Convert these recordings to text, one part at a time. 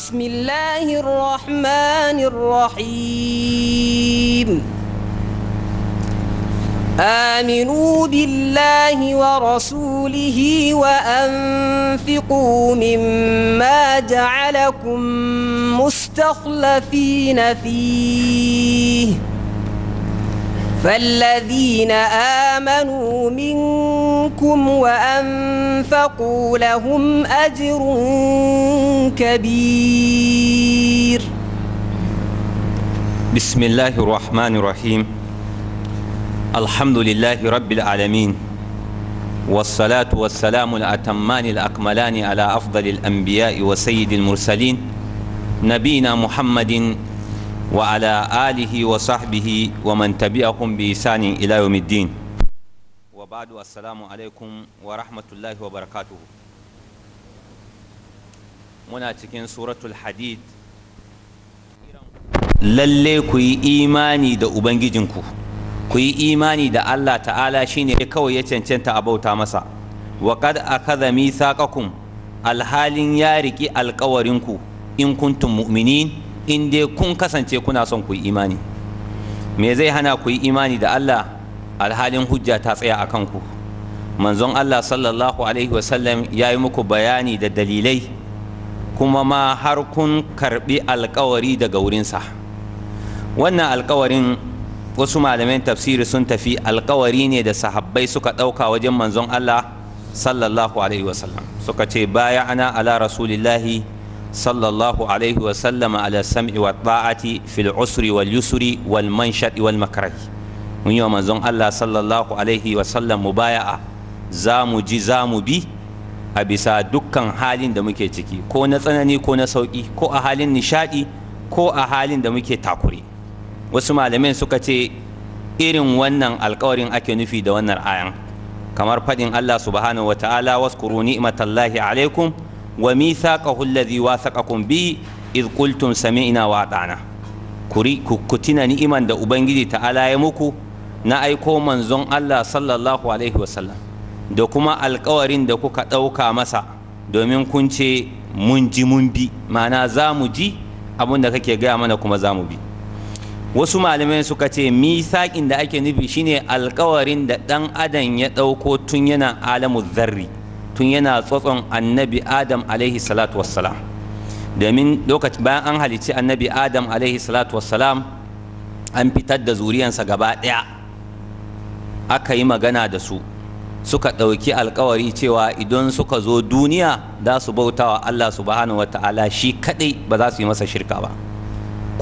بسم الله الرحمن الرحيم آمنوا بالله ورسوله وأنفقوا مما جعلكم مستخلفين فيه فالذين آمنوا منكم منكم وأنفقوا لهم أجر كبير بسم الله الرحمن الرحيم الحمد لله رب العالمين والصلاة والسلام الأتمان الأكملان على أفضل الأنبياء وسيد المرسلين نبينا محمد وعلى آله وصحبه ومن تبعهم بإحسان إلى يوم الدين ba'du wa rahmatullahi wa barakatuhu muna cikin suratul hadid lalle ku yi imani da ubangijinku ku yi imani da Allah ta'ala shine kawai ya cancanta a bauta masa wa kad akhadha mithaqakum alhalin ya riki ku, in kuntum mu'minin in dai kun kasance kuna son ku yi imani me zai hana ku yi imani da Allah alhalin hujja ta tsaya a kanku manzon Allah sallallahu alaihi wasallam ya yi muku bayani da dalilai kuma ma har kun karɓi alkawari daga wurinsa wannan alkawarin wasu malaman tafsiri sun tafi alkawari ne da sahabbai suka ɗauka wajen manzon Allah sallallahu alaihi wasallam suka ce baya ana ala rasulillahi sallallahu alaihi wasallam ala sam'i wa ta'ati fil usri wal yusri wal manshati wal makrahi mun yi wa manzon Allah sallallahu alaihi wasallam mubaya'a za mu ji za mu bi a bisa dukkan halin da muke ciki ko na tsanani ko na sauƙi ko a halin nishaɗi ko a halin da muke takuri wasu malamai suka ce irin wannan alkawarin ake nufi da wannan ayan kamar faɗin Allah subhanahu wa ta'ala waskuru ni'matallahi alaikum wa mithaqahu alladhi wathaqakum bi id qultum sami'na wa ata'na kuri ku ni'iman da ubangiji ta'ala ya muku na aiko manzon Allah sallallahu alaihi wasallam da kuma alkawarin da kuka ɗauka masa domin kun ce mun ji mun bi ma'ana za mu ji abin da kake gaya mana kuma za mu bi wasu malamai suka ce misakin da ake nufi shine alkawarin da ɗan adam ya ɗauko tun yana alamu zarri tun yana tsotson annabi adam alaihi salatu wassalam domin lokacin bayan an halicci annabi adam alaihi salatu wassalam an fitar da zuriyansa gaba ɗaya aka yi magana da su suka ɗauki alkawari cewa idan suka zo duniya za su bauta wa Allah subhanahu wa ta'ala shi kaɗai ba za su yi masa shirka ba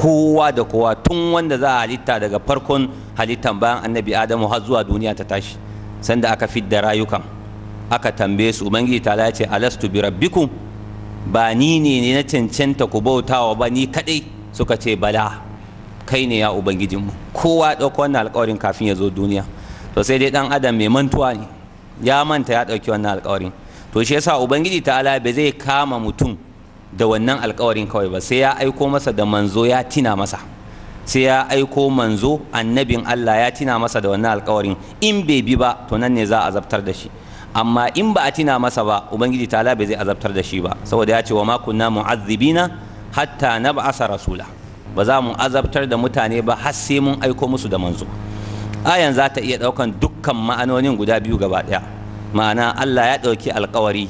kowa da kowa tun wanda za a halitta daga farkon halittan bayan annabi adamu har zuwa duniya ta tashi sanda aka da rayukan aka tambaye su ubangiji ta ce alastu bi rabbikum ba ni ne na cancanta ku bautawa ba ni kaɗai suka ce bala kai ne ya ubangijinmu kowa ɗauko wannan alkawarin kafin ya zo duniya to sai dai dan adam mai mantuwa ne ya manta ya dauki wannan alƙawarin to shi yasa ubangiji ta'ala bai zai kama mutum da wannan alƙawarin kawai ba sai ya aiko masa da manzo ya tina masa sai ya aiko manzo annabin Allah ya tina masa da wannan alƙawarin in bai bi ba to nan ne za a azabtar da shi amma in ba a tina masa ba ubangiji ta'ala bai zai azabtar da shi ba saboda ya ce wa ma kunna mu'azzibina hatta nab'asa rasula ba za mu azabtar da mutane ba har sai mun aiko musu da manzo ayan za ta iya ɗaukan dukkan ma'anonin guda biyu gaba ɗaya ma'ana allah ya ɗauki alkawari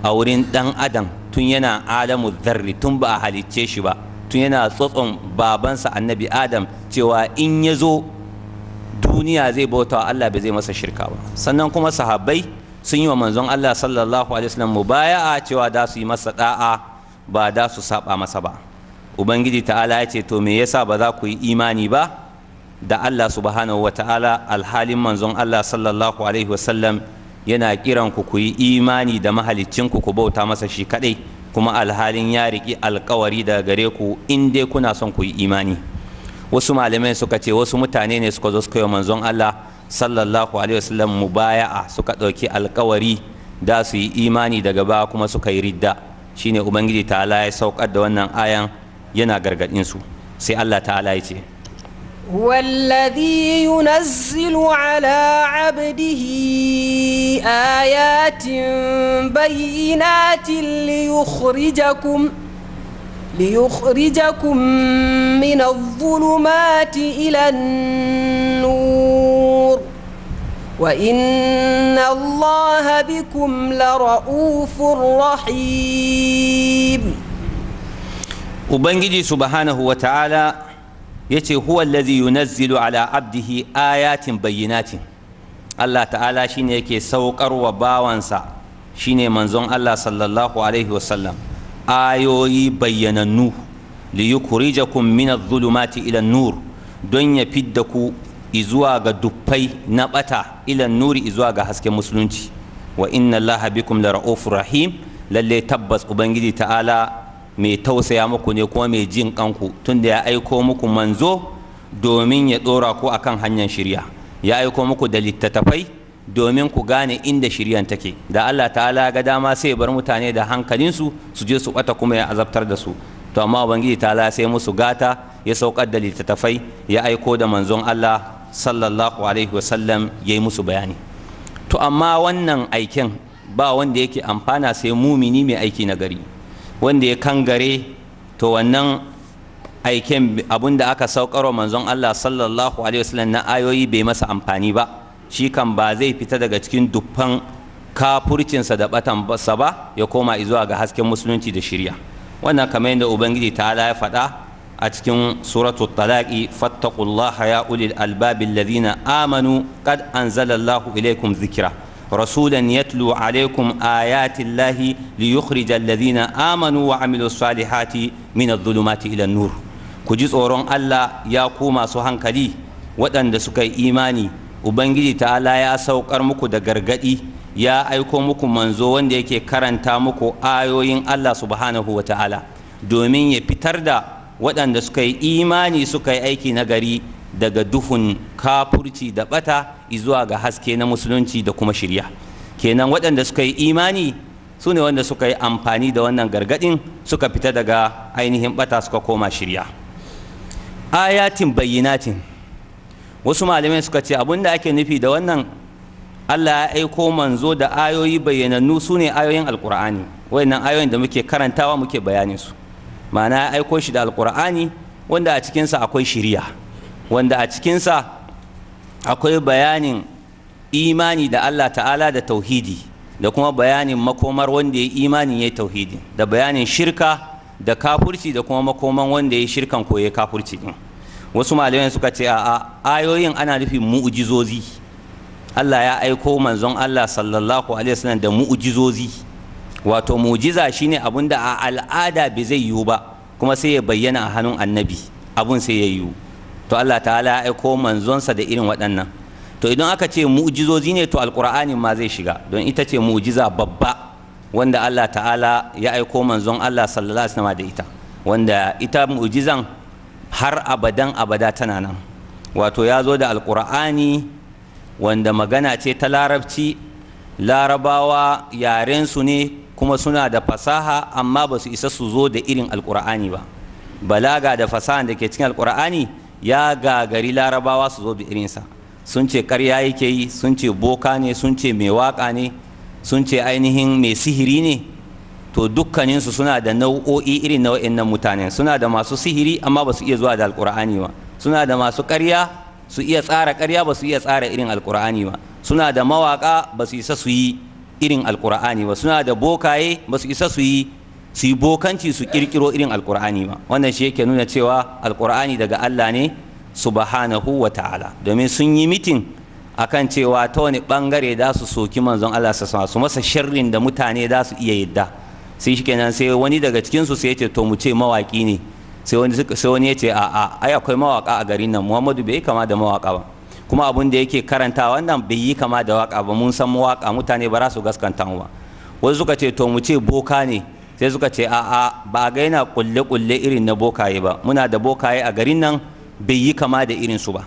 a wurin ɗan adam tun yana adamu zarri tun ba a halicce shi ba tun yana tsotson babansa annabi adam cewa in ya zo duniya zai bauta wa allah bai zai masa shirka ba sannan kuma sahabbai sun yi wa manzon allah sallallahu alaihi wasallam mubaya'a cewa da su yi masa da'a ba da su saba masa ba ubangiji ta'ala ya ce to me yasa ba za ku yi imani ba da Allah subhanahu wata'ala alhalin manzon Allah sallallahu alaihi wasallam yana kiran ku yi imani da mahaliccin ku bauta masa shi kadai kuma alhalin ya riki alkawari daga gare ku in dai kuna son ku yi imani wasu malamai suka ce wasu mutane ne suka zo suka yi manzon Allah sallallahu alaihi wasallam mubaya'a suka ɗauki alkawari da su yi imani daga ba kuma suka yi ridda shine ubangiji ta'ala ya saukar da wannan ayan yana gargaɗinsu sai Allah ta'ala ya ce هو الذي ينزل على عبده آيات بينات ليخرجكم ليخرجكم من الظلمات إلى النور وإن الله بكم لرؤوف رحيم وبنجي سبحانه وتعالى yace huwa allazi yunazzilu ala abdihi ayatin bayyinatin Allah ta'ala shine yake saukar wa bawansa shine manzon Allah sallallahu alaihi wasallam ayoyi bayyanannu li yukhrijakum min adh-dhulumati ila nur don ya fidda ku izuwa ga duffai na bata ila nuri izuwa ga hasken musulunci wa inna allaha bikum la rahim lalle tabbas ubangiji ta'ala mai tausaya muku ne kuma mai jin kanku tunda ya aiko muku manzo domin ya dora ku kan hanyar shirya ya aiko muku da littattafai domin ku gane inda shiryan take da Allah ta'ala ga dama sai bar mutane da hankalinsu su je su bata kuma ya azabtar da su to amma ubangiji ta'ala sai musu gata ya saukar da littattafai ya aiko da manzon Allah sallallahu alaihi wasallam ya yi musu bayani to amma wannan aikin ba wanda yake amfana sai mumini mai aiki na gari wanda ya kangare to wannan aiken abun da aka saukarwa manzon Allah sallallahu alaihi wasallam na ayoyi bai masa amfani ba shi kan ba zai fita daga cikin dubban kafurcinsa da batan sa ba ya koma zuwa ga hasken musulunci da shirya wannan kamar yadda ubangiji ta ya faɗa a cikin suratu talaki fattaqullaha ya ulil albabi amanu qad anzalallahu ilaikum zikira رسولا يتلو عليكم آيات الله ليخرج الذين آمنوا وعملوا الصالحات من الظلمات إلى النور كجزء رون الله يقوم سوهان كلي ودن دسكي إيماني ubangiji ta'ala ya saukar muku da gargadi ya aiko muku manzo wanda yake karanta muku ayoyin Allah subhanahu wa ta'ala domin ya fitar da waɗanda suka yi imani suka yi aiki na gari daga duhun kafurci da bata zuwa ga haske na musulunci da kuma shirya kenan waɗanda suka yi imani su ne wanda suka yi amfani da wannan gargaɗin suka fita daga ainihin bata suka koma shirya ayatin bayyinatin wasu malamai suka ce abin da ake nufi da wannan allah ya aiko manzo da ayoyi bayyanannu su ne ayoyin alkur'ani wayannan ayoyin da muke karantawa muke bayanin su ma'ana ya aiko shi da alkur'ani wanda a cikinsa akwai shirya wanda a cikinsa akwai bayanin imani da Allah ta'ala da tauhidi da kuma bayanin makomar wanda ya imanin ya yi tauhidi da bayanin shirka da kafurci da kuma makoman wanda ya yi shirkan ko ya kafurci din wasu malamai suka ce a ayoyin ana nufin mu'ujizozi Allah ya aiko manzon Allah sallallahu alaihi wasallam da mu'ujizozi wato mu'jiza shine abun da a al'ada bai zai yiwu ba kuma sai ya bayyana a hannun annabi abun sai ya yiwu to Allah ta'ala ya aiko manzonsa da irin waɗannan to idan aka ce mu'jizozi ne to alƙur'ani ma zai shiga don ita ce mu'jiza babba wanda Allah ta'ala ya aiko manzon Allah sallallahu alaihi wasallam da ita wanda ita mu'jizan har abadan abada tana nan wato ya zo da alƙur'ani wanda magana ce ta larabci larabawa yaren su ne kuma suna da fasaha amma ba su isa su zo da irin alƙur'ani ba balaga da fasaha da ke cikin alƙur'ani. ya ga gari larabawa su zo bi irinsa sun ce karya yake yi sun ce boka ne sun ce mai waka ne sun ce ainihin mai sihiri ne to dukkaninsu suna da nau'o'i irin nau'in nan mutane suna da masu sihiri amma ba su iya zuwa da alkur'ani ba suna da masu karya su iya tsara karya ba su iya tsara irin alkur'ani ba suna da mawaka ba su isa su yi irin alkur'ani ba suna da bokaye ba su isa su yi su yi bokanci su kirkiro irin alkur'ani ba wannan shi yake nuna cewa alkur'ani daga allah ne subhanahu wa ta'ala domin sun yi mitin akan cewa ta wani bangare da su soki manzon allah su su masa sharrin da mutane da su iya yadda sai shi kenan sai wani daga cikinsu sai ya ce to mu ce mawaki ne sai wani ya ce a'a ai akwai mawaka a garin nan muhammadu bai kama da mawaka ba kuma abun da yake karanta wannan bai yi kama da waka ba mun san mawaka mutane ba za su gaskanta mu ba wasu suka ce to mu ce boka ne sai suka ce a'a ba a ga yana kulle-kulle irin na bokaye ba muna da bokaye a garin nan bai yi kama da irin su ba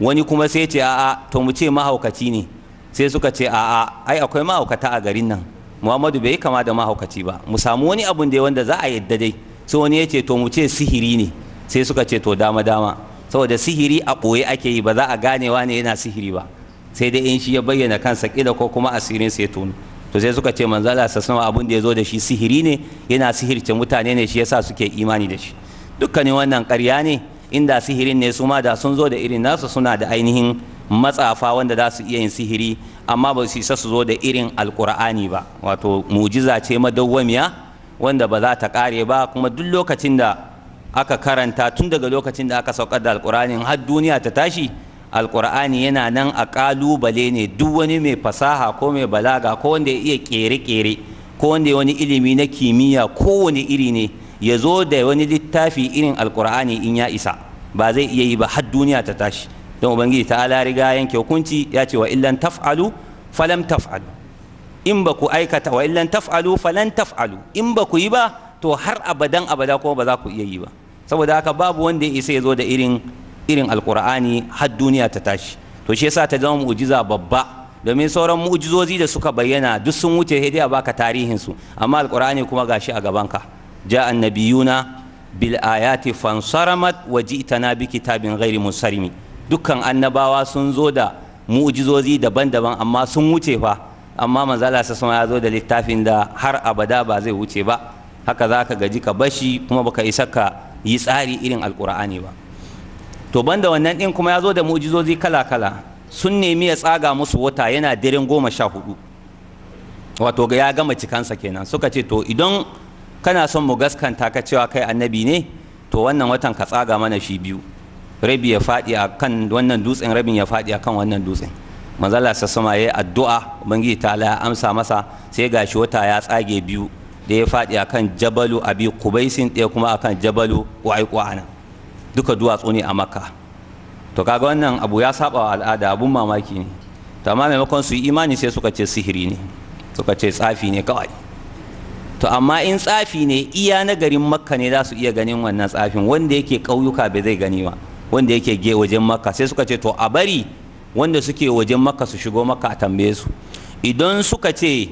wani kuma sai ce a'a to mu ce mahaukaci ne sai suka ce a'a ai akwai mahaukata a garin nan muhammadu bai yi kama da mahaukaci ba mu samu wani abun da wanda za a yadda dai sai wani ya ce to mu ce sihiri ne sai suka ce to dama dama saboda sihiri a ɓoye ake yi ba za a ganewa ne yana sihiri ba sai dai in shi ya bayyana kansa kila ko kuma asirin sai tunu to sai suka ce manzo Allah sama abin da ya zo da shi sihiri ne yana sihirce mutane ne shi yasa suke imani da shi dukkanin wannan ƙarya ne inda sihirin ne su ma da sun zo da irin nasu suna da ainihin matsafa wanda za su iya yin sihiri amma ba su isa su zo da irin alkur'ani ba wato mujiza ce madawwamiya wanda ba za ta kare ba kuma duk lokacin da aka karanta tun daga lokacin da aka saukar da alkur'anin har duniya ta tashi alkur'ani yana nan a ƙalubale ne duk wani mai fasaha ko mai balaga ko wanda ya iya ƙere-ƙere ko wanda ya wani ilimi na kimiyya kowane iri ne ya zo da wani littafi irin alkur'ani in ya isa ba zai iya yi ba har duniya ta tashi don ubangiji ta ala riga yanke hukunci ya ce wa illan taf'alu falam taf'alu in ba ku aikata wa illan taf'alu falan taf'alu in ba ku yi ba to har abadan abada kuma ba za ku iya yi ba saboda haka babu wanda ya isa ya zo da irin irin alkur'ani har duniya ta tashi to shi yasa ta zama mu'jiza babba domin sauran mu'jizozi da suka bayyana duk sun wuce sai dai a baka tarihin su amma alkur'ani kuma gashi a gabanka ja annabiyuna bil ayati fansaramat wa ji'tana bi kitabin ghairi musarimi dukkan annabawa sun zo da mu'jizozi daban-daban amma sun wuce fa amma manzala sa sama ya zo da littafin da har abada ba zai wuce ba haka za ka gaji ka bashi kuma baka isa ka yi tsari irin alkur'ani ba to banda wannan ɗin kuma ya zo da mu'jizozi kala-kala sun nemi ya tsaga musu wata yana daren goma sha hudu wato ya gama cikansa kenan suka ce to idan kana son mu gaskanta ka cewa kai annabi ne to wannan watan ka tsaga mana shi biyu rabi ya faɗi a kan wannan dutsen rabin ya fadi a kan wannan dutsen manzala sa sama ya addu'a ubangiji ta ya amsa masa sai gashi wata ya tsage biyu da ya faɗi a kan jabalu abi kubaisin ɗaya kuma a kan jabalu wa'aiƙwa nan. duka duwatsu ne a makka to kaga wannan abu ya saba wa al'ada abun mamaki ne to amma maimakon su yi imani sai suka ce sihiri ne suka ce tsafi ne kawai to amma in tsafi ne iya na garin makka ne za su iya ganin wannan tsafin wanda yake kauyuka bai zai gani ba wanda yake ge wajen makka sai suka ce to a bari wanda suke wajen makka su shigo makka a tambaye su idan suka ce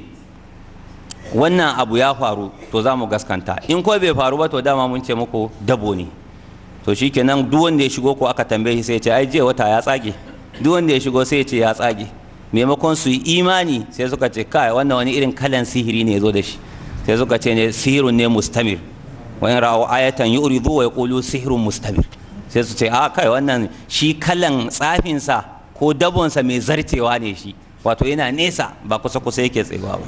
wannan abu ya faru to za mu gaskanta in ko bai faru ba to dama mun ce muku dabo ne to shikenan duk wanda ya shigo ko aka tambaye shi sai ya ce ai je wata ya tsage duk wanda ya shigo sai ya ce ya tsage maimakon su yi imani sai suka ce kai wannan wani irin kalan sihiri ne zo da shi sai suka ce ne sihirun ne mustamir Wani rawo ra'u ayatan yuridu wa yaqulu sihirun mustamir sai su ce a kai wannan shi kalan tsafin sa ko dabonsa mai zartewa ne shi wato yana nesa ba kusa kusa yake tsayawa ba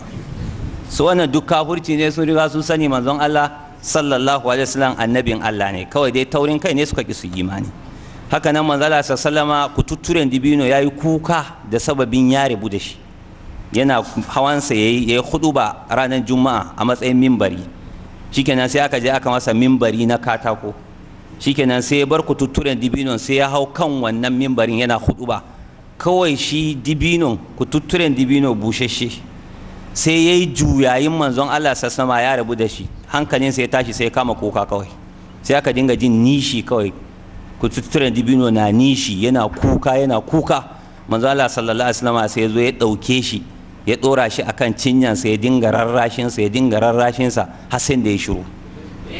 su wannan duk kafurci ne sun riga sun sani manzon Allah sallallahu alaihi wasallam annabin Allah ne kawai dai taurin kai ne suka ki su imani haka nan Allah sallama kututturen dibino yayi kuka da sababin ya rabu da shi yana hawansa yayi yayi khutuba ranar juma'a a matsayin mimbari shikenan sai aka je aka masa mimbari na katako shikenan sai ya bar kututturen dibino sai ya hau kan wannan mimbarin yana khutuba kawai shi ku kututturen dibino bushe shi sai yayi juyayin manzon Allah sallama ya rabu da shi hankalin sai ya tashi sai ya kama kuka kawai sai aka dinga jin nishi kawai kututturen dibino na nishi yana kuka yana kuka manzo Allah sallallahu alaihi wasallam sai ya zo ya dauke shi ya dora shi akan cinyansa ya dinga rarrashin sa ya dinga rarrashin sa har sai da ya shiru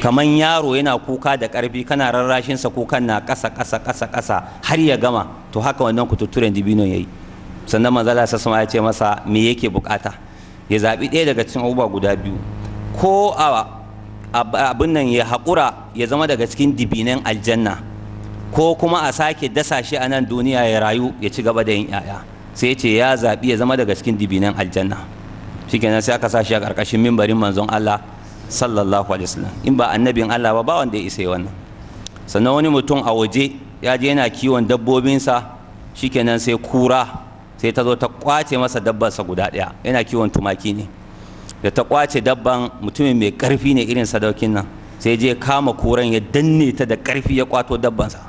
kaman yaro yana kuka da karfi kana rarrashin sa kukan na kasa kasa kasa kasa har ya gama to haka wannan kututturen dibino yayi sannan manzo Allah sallallahu alaihi wasallam ya ce masa me yake bukata ya zabi ɗaya daga cikin uba guda biyu ko a abin nan ya haƙura ya zama daga cikin dibinan aljanna ko kuma a sake dasa shi a nan duniya ya rayu ya ci gaba da yin 'ya'ya sai ce ya zaɓi ya zama daga cikin dibinan aljanna shi kenan sai aka sa shi a ƙarƙashin mimbarin manzon Allah sallallahu alaihi wasallam in ba annabin Allah ba ba wanda ya isa wannan sannan wani mutum a waje ya je yana kiwon dabbobinsa kenan sai kura sai ta zo ta kwace masa dabbarsa guda ɗaya yana kiwon tumaki ne da ta kwace dabban mutumin mai karfi ne irin sadaukin nan sai je kama kuran ya danne ta da karfi ya kwato dabbansa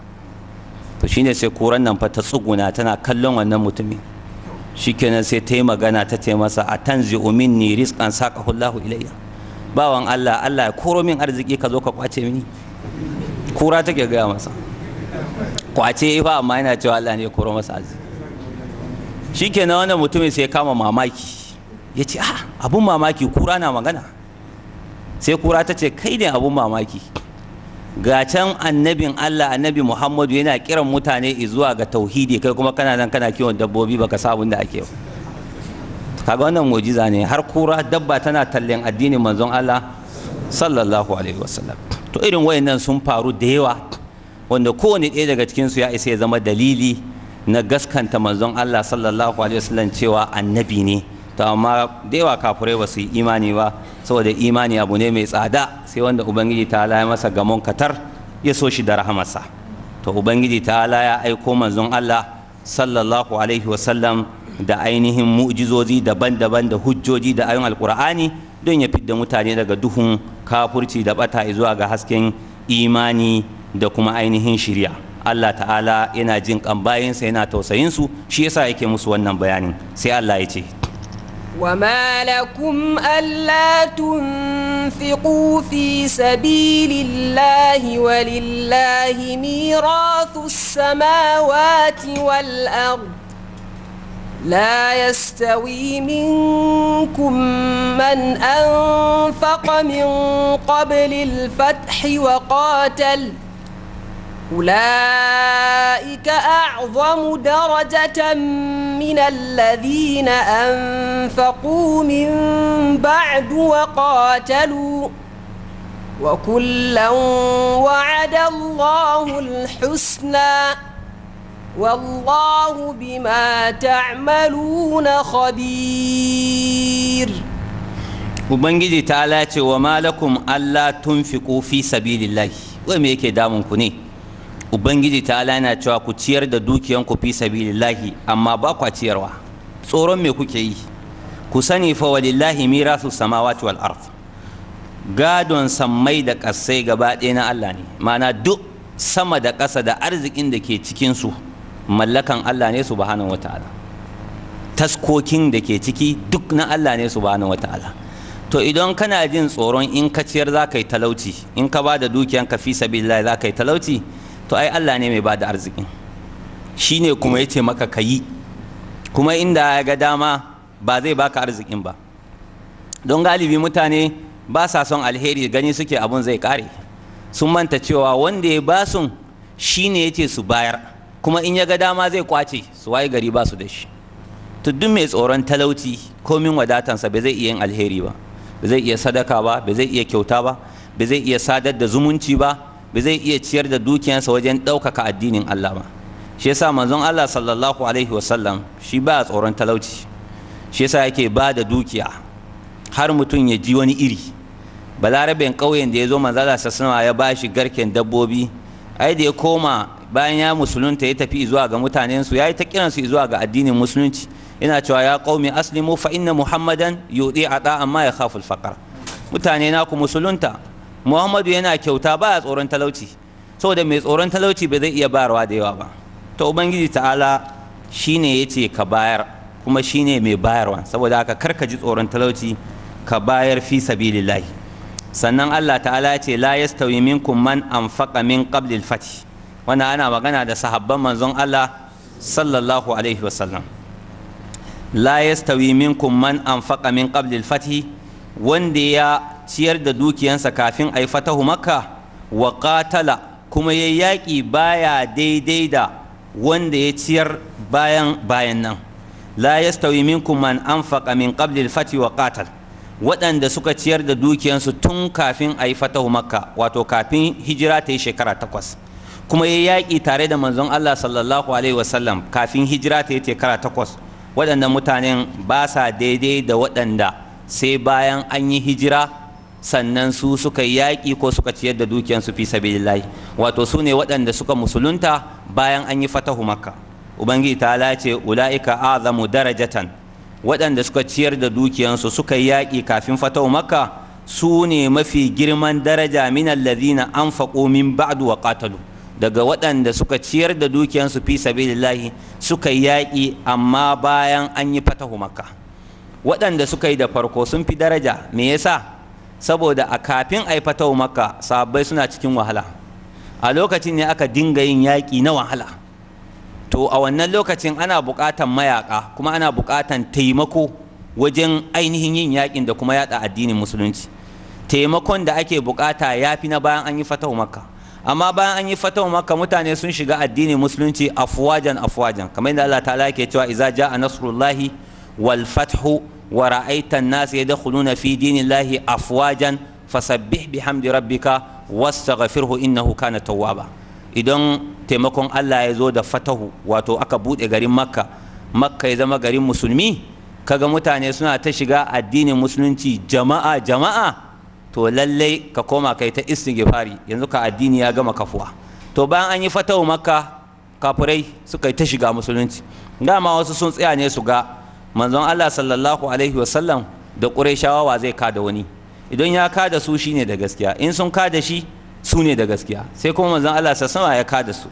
to shine sai kuran nan fa ta tsuguna tana kallon wannan mutumin shikenan sai ta yi magana ta ce masa a tanzi minni rizqan saqahullahu ilayya bawan Allah Allah ya koro min arziki ka zo ka kwace mini kura take gaya masa kwace fa amma yana cewa Allah ne ya koro masa arziki shikenan wannan mutumin sai kama mamaki ya ce ah abun mamaki kura na magana sai kura ta ce kai ne abun mamaki ga can annabin Allah annabi Muhammadu yana kiran mutane zuwa ga tauhidi kai kuma kana nan kana kiwon dabbobi baka sa abin da ake kaga wannan mujiza ne har kura dabba tana tallen addinin manzon Allah sallallahu alaihi wasallam to irin wayannan sun faru da yawa wanda kowane ɗaya daga cikin su ya isa ya zama dalili na gaskanta manzon Allah sallallahu alaihi wasallam cewa annabi ne to amma da yawa kafurai ba su yi imani ba saboda imani abu ne mai tsada sai wanda ubangiji ta laya masa gamon katar ya so shi da rahamarsa to ubangiji ta ya aiko manzon Allah sallallahu alaihi wasallam da ainihin mu'jizozi daban-daban da hujjoji da ayon alkur'ani don ya fidda mutane daga duhun kafurci da bata zuwa ga hasken imani da kuma ainihin shirya Allah ta'ala yana jin kan bayansa yana tausayin su shi yasa yake musu wannan bayanin sai Allah ya ce وما لكم ألا تنفقوا في سبيل الله ولله ميراث السماوات والأرض لا يستوي منكم من أنفق من قبل الفتح وقاتل ۖ أولئك أعظم درجة من الذين أنفقوا من بعد وقاتلوا وكلا وعد الله الحسنى والله بما تعملون خبير Ubangiji ta lace wa malakum Allah tun fi fi sabilillahi wai me yake damun ku ne ubangiji ta yana cewa ku ciyar da dukiyanku fi sabilillahi amma ba kwa ciyarwa tsoron me kuke yi ku sani fa walillahi mirasu samawati wal ard gadon sammai da kasai gaba ɗaya na Allah ne ma'ana duk sama da ƙasa da arzikin da ke cikin su mallakan Allah ne subhanahu wata'ala taskokin da ke ciki duk na Allah ne subhanahu wata'ala to idan kana jin tsoron in ka ciyar za ka yi talauci in ka ba da dukiyanka fi sabilillahi za ka yi talauci to ai Allah ne mai bada arziki shi ne kuma ya maka ka yi kuma inda ya ga dama ba zai baka arzikin ba don galibi mutane ba sa son alheri gani suke abun zai kare sun manta cewa wanda ya basun shi ne yace su bayar kuma in ya ga dama zai kwace su waye gari ba su da shi to duk mai tsoron talauci komin wadatansa ba zai iya yin alheri ba ba zai iya sadaka ba ba zai iya kyauta ba ba zai iya sadar da zumunci ba ba zai iya ciyar da dukiyansa wajen ɗaukaka addinin Allah ba shi yasa manzon Allah sallallahu alaihi wasallam shi ba tsoron talauci shi yasa yake ba da dukiya har mutum ya ji wani iri Balaraben ƙauyen da ya zo manzala ya ba shi garken dabbobi ai da ya koma bayan ya musulunta ya tafi zuwa ga mutanensu ya yi ta kiransu zuwa ga addinin musulunci ina cewa ya qaumi aslimu fa inna muhammadan yudi ata amma ya khaful faqar mutane na ku musulunta muhammadu yana kyauta ba a tsoron talauci saboda mai tsoron talauci ba zai iya bayarwa da yawa ba ta ubangiji ta'ala shine ya ce ka bayar kuma shine mai bayarwa saboda haka kar ka ji tsoron talauci ka bayar fi sabilillahi sannan Allah ta'ala ya ce la yastawi minkum man anfaqa min qabli fati wanda ana magana da sahabban manzon Allah sallallahu alaihi wasallam la yastawi minkum man anfaqa min qabli fati wanda ya ciyar da dukiyansa kafin a yi fatahu makka wa qatala kuma ya yaƙi baya daidai da wanda ya ciyar bayan bayan nan la min kuma an anfaqa min qabli fati wa qatal waɗanda suka ciyar da dukiyansu tun kafin a yi fatahu makka wato kafin hijira ta yi shekara takwas kuma ya yaƙi tare da manzon Allah sallallahu alaihi wasallam kafin hijira ta yi shekara takwas waɗanda mutanen ba sa daidai da waɗanda sai bayan an yi hijira sannan su suka yaƙi ko suka ciyar da dukiyansu fi sabilillahi wato su ne waɗanda suka musulunta bayan an yi fatahu makka ubangiji ta lace ula'ika azamu darajatan waɗanda suka ciyar da dukiyansu suka yaƙi kafin fatahu makka su ne mafi girman daraja min allazina anfaqu min ba'du wa qatalu daga waɗanda suka ciyar da dukiyansu fi sabilillahi suka yaƙi amma bayan an yi fatahu makka waɗanda suka yi da farko sun fi daraja me yasa saboda a kafin a yi fatau maka sahabbai suna cikin wahala a lokacin ne aka dinga yin yaƙi na wahala to a wannan lokacin ana buƙatan mayaƙa kuma ana buƙatan taimako wajen ainihin yin yaƙin da kuma yaɗa addinin musulunci taimakon da ake buƙata ya fi na bayan an yi fatau maka amma bayan an yi fatau maka mutane sun shiga addinin musulunci afuwajan afuwajan. kamar yadda Allah ta'ala ke cewa iza jaa nasrullahi wal fathu wa ra'aita an-nas yadkhuluna fi dinillahi afwajan fasabbih bihamdi rabbika in innahu kana tawwaba idan taimakon Allah ya zo da fatahu wato aka buɗe garin Makka Makka ya zama garin musulmi kaga mutane suna ta shiga addinin musulunci jama'a jama'a to lallai ka koma kai ta istighfari yanzu ka addini ya gama kafuwa to bayan an yi fatahu Makka kafurai suka yi ta shiga musulunci dama wasu sun tsaya ne su ga manzon Allah sallallahu alaihi wasallam da ƙurayshawa wa zai kada wani idan ya kada su shine da gaskiya in sun kada shi su ne da gaskiya sai kuma manzon Allah sassama ya kada su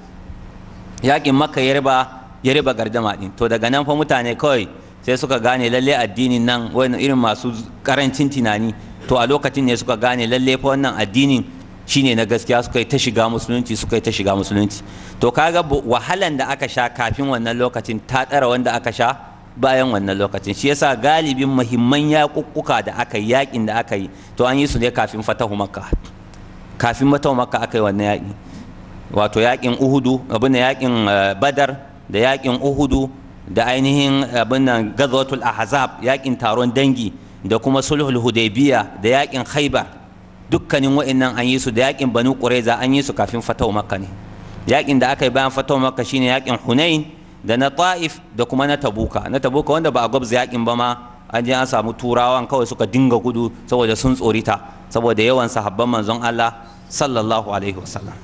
yaƙin makka ya riba ya gardama din to daga nan fa mutane kawai sai suka gane lalle addinin nan wani irin masu karancin tunani to a lokacin ne suka gane lalle fa wannan addinin shine na gaskiya suka yi ta shiga musulunci suka yi ta shiga musulunci to kaga wahalan da aka sha kafin wannan lokacin ta tsara wanda aka sha bayan wannan lokacin shi yasa galibin muhimman yaƙuƙuka da aka yi yaƙin da aka yi to an yi su ne kafin fatahu makka kafin fatahu makka aka yi wannan yaƙi wato yaƙin uhudu abin da yaƙin eh, badar da yaƙin uhudu da ainihin abin nan gazawatul ahzab yaƙin taron dangi da kuma sulhul hudaybiya da yaƙin khaibar dukkanin wa'annan an yi su da yaƙin banu qurayza an yi su kafin fatahu makka ne yaƙin da aka yi bayan fatahu makka shine yaƙin hunain da na ta'if da kuma na tabuka na tabuka wanda ba a gwabza yakin ba ma an je an samu turawan kawai suka dinga gudu saboda sun tsorita saboda yawan sahabban manzon Allah sallallahu alaihi wasallam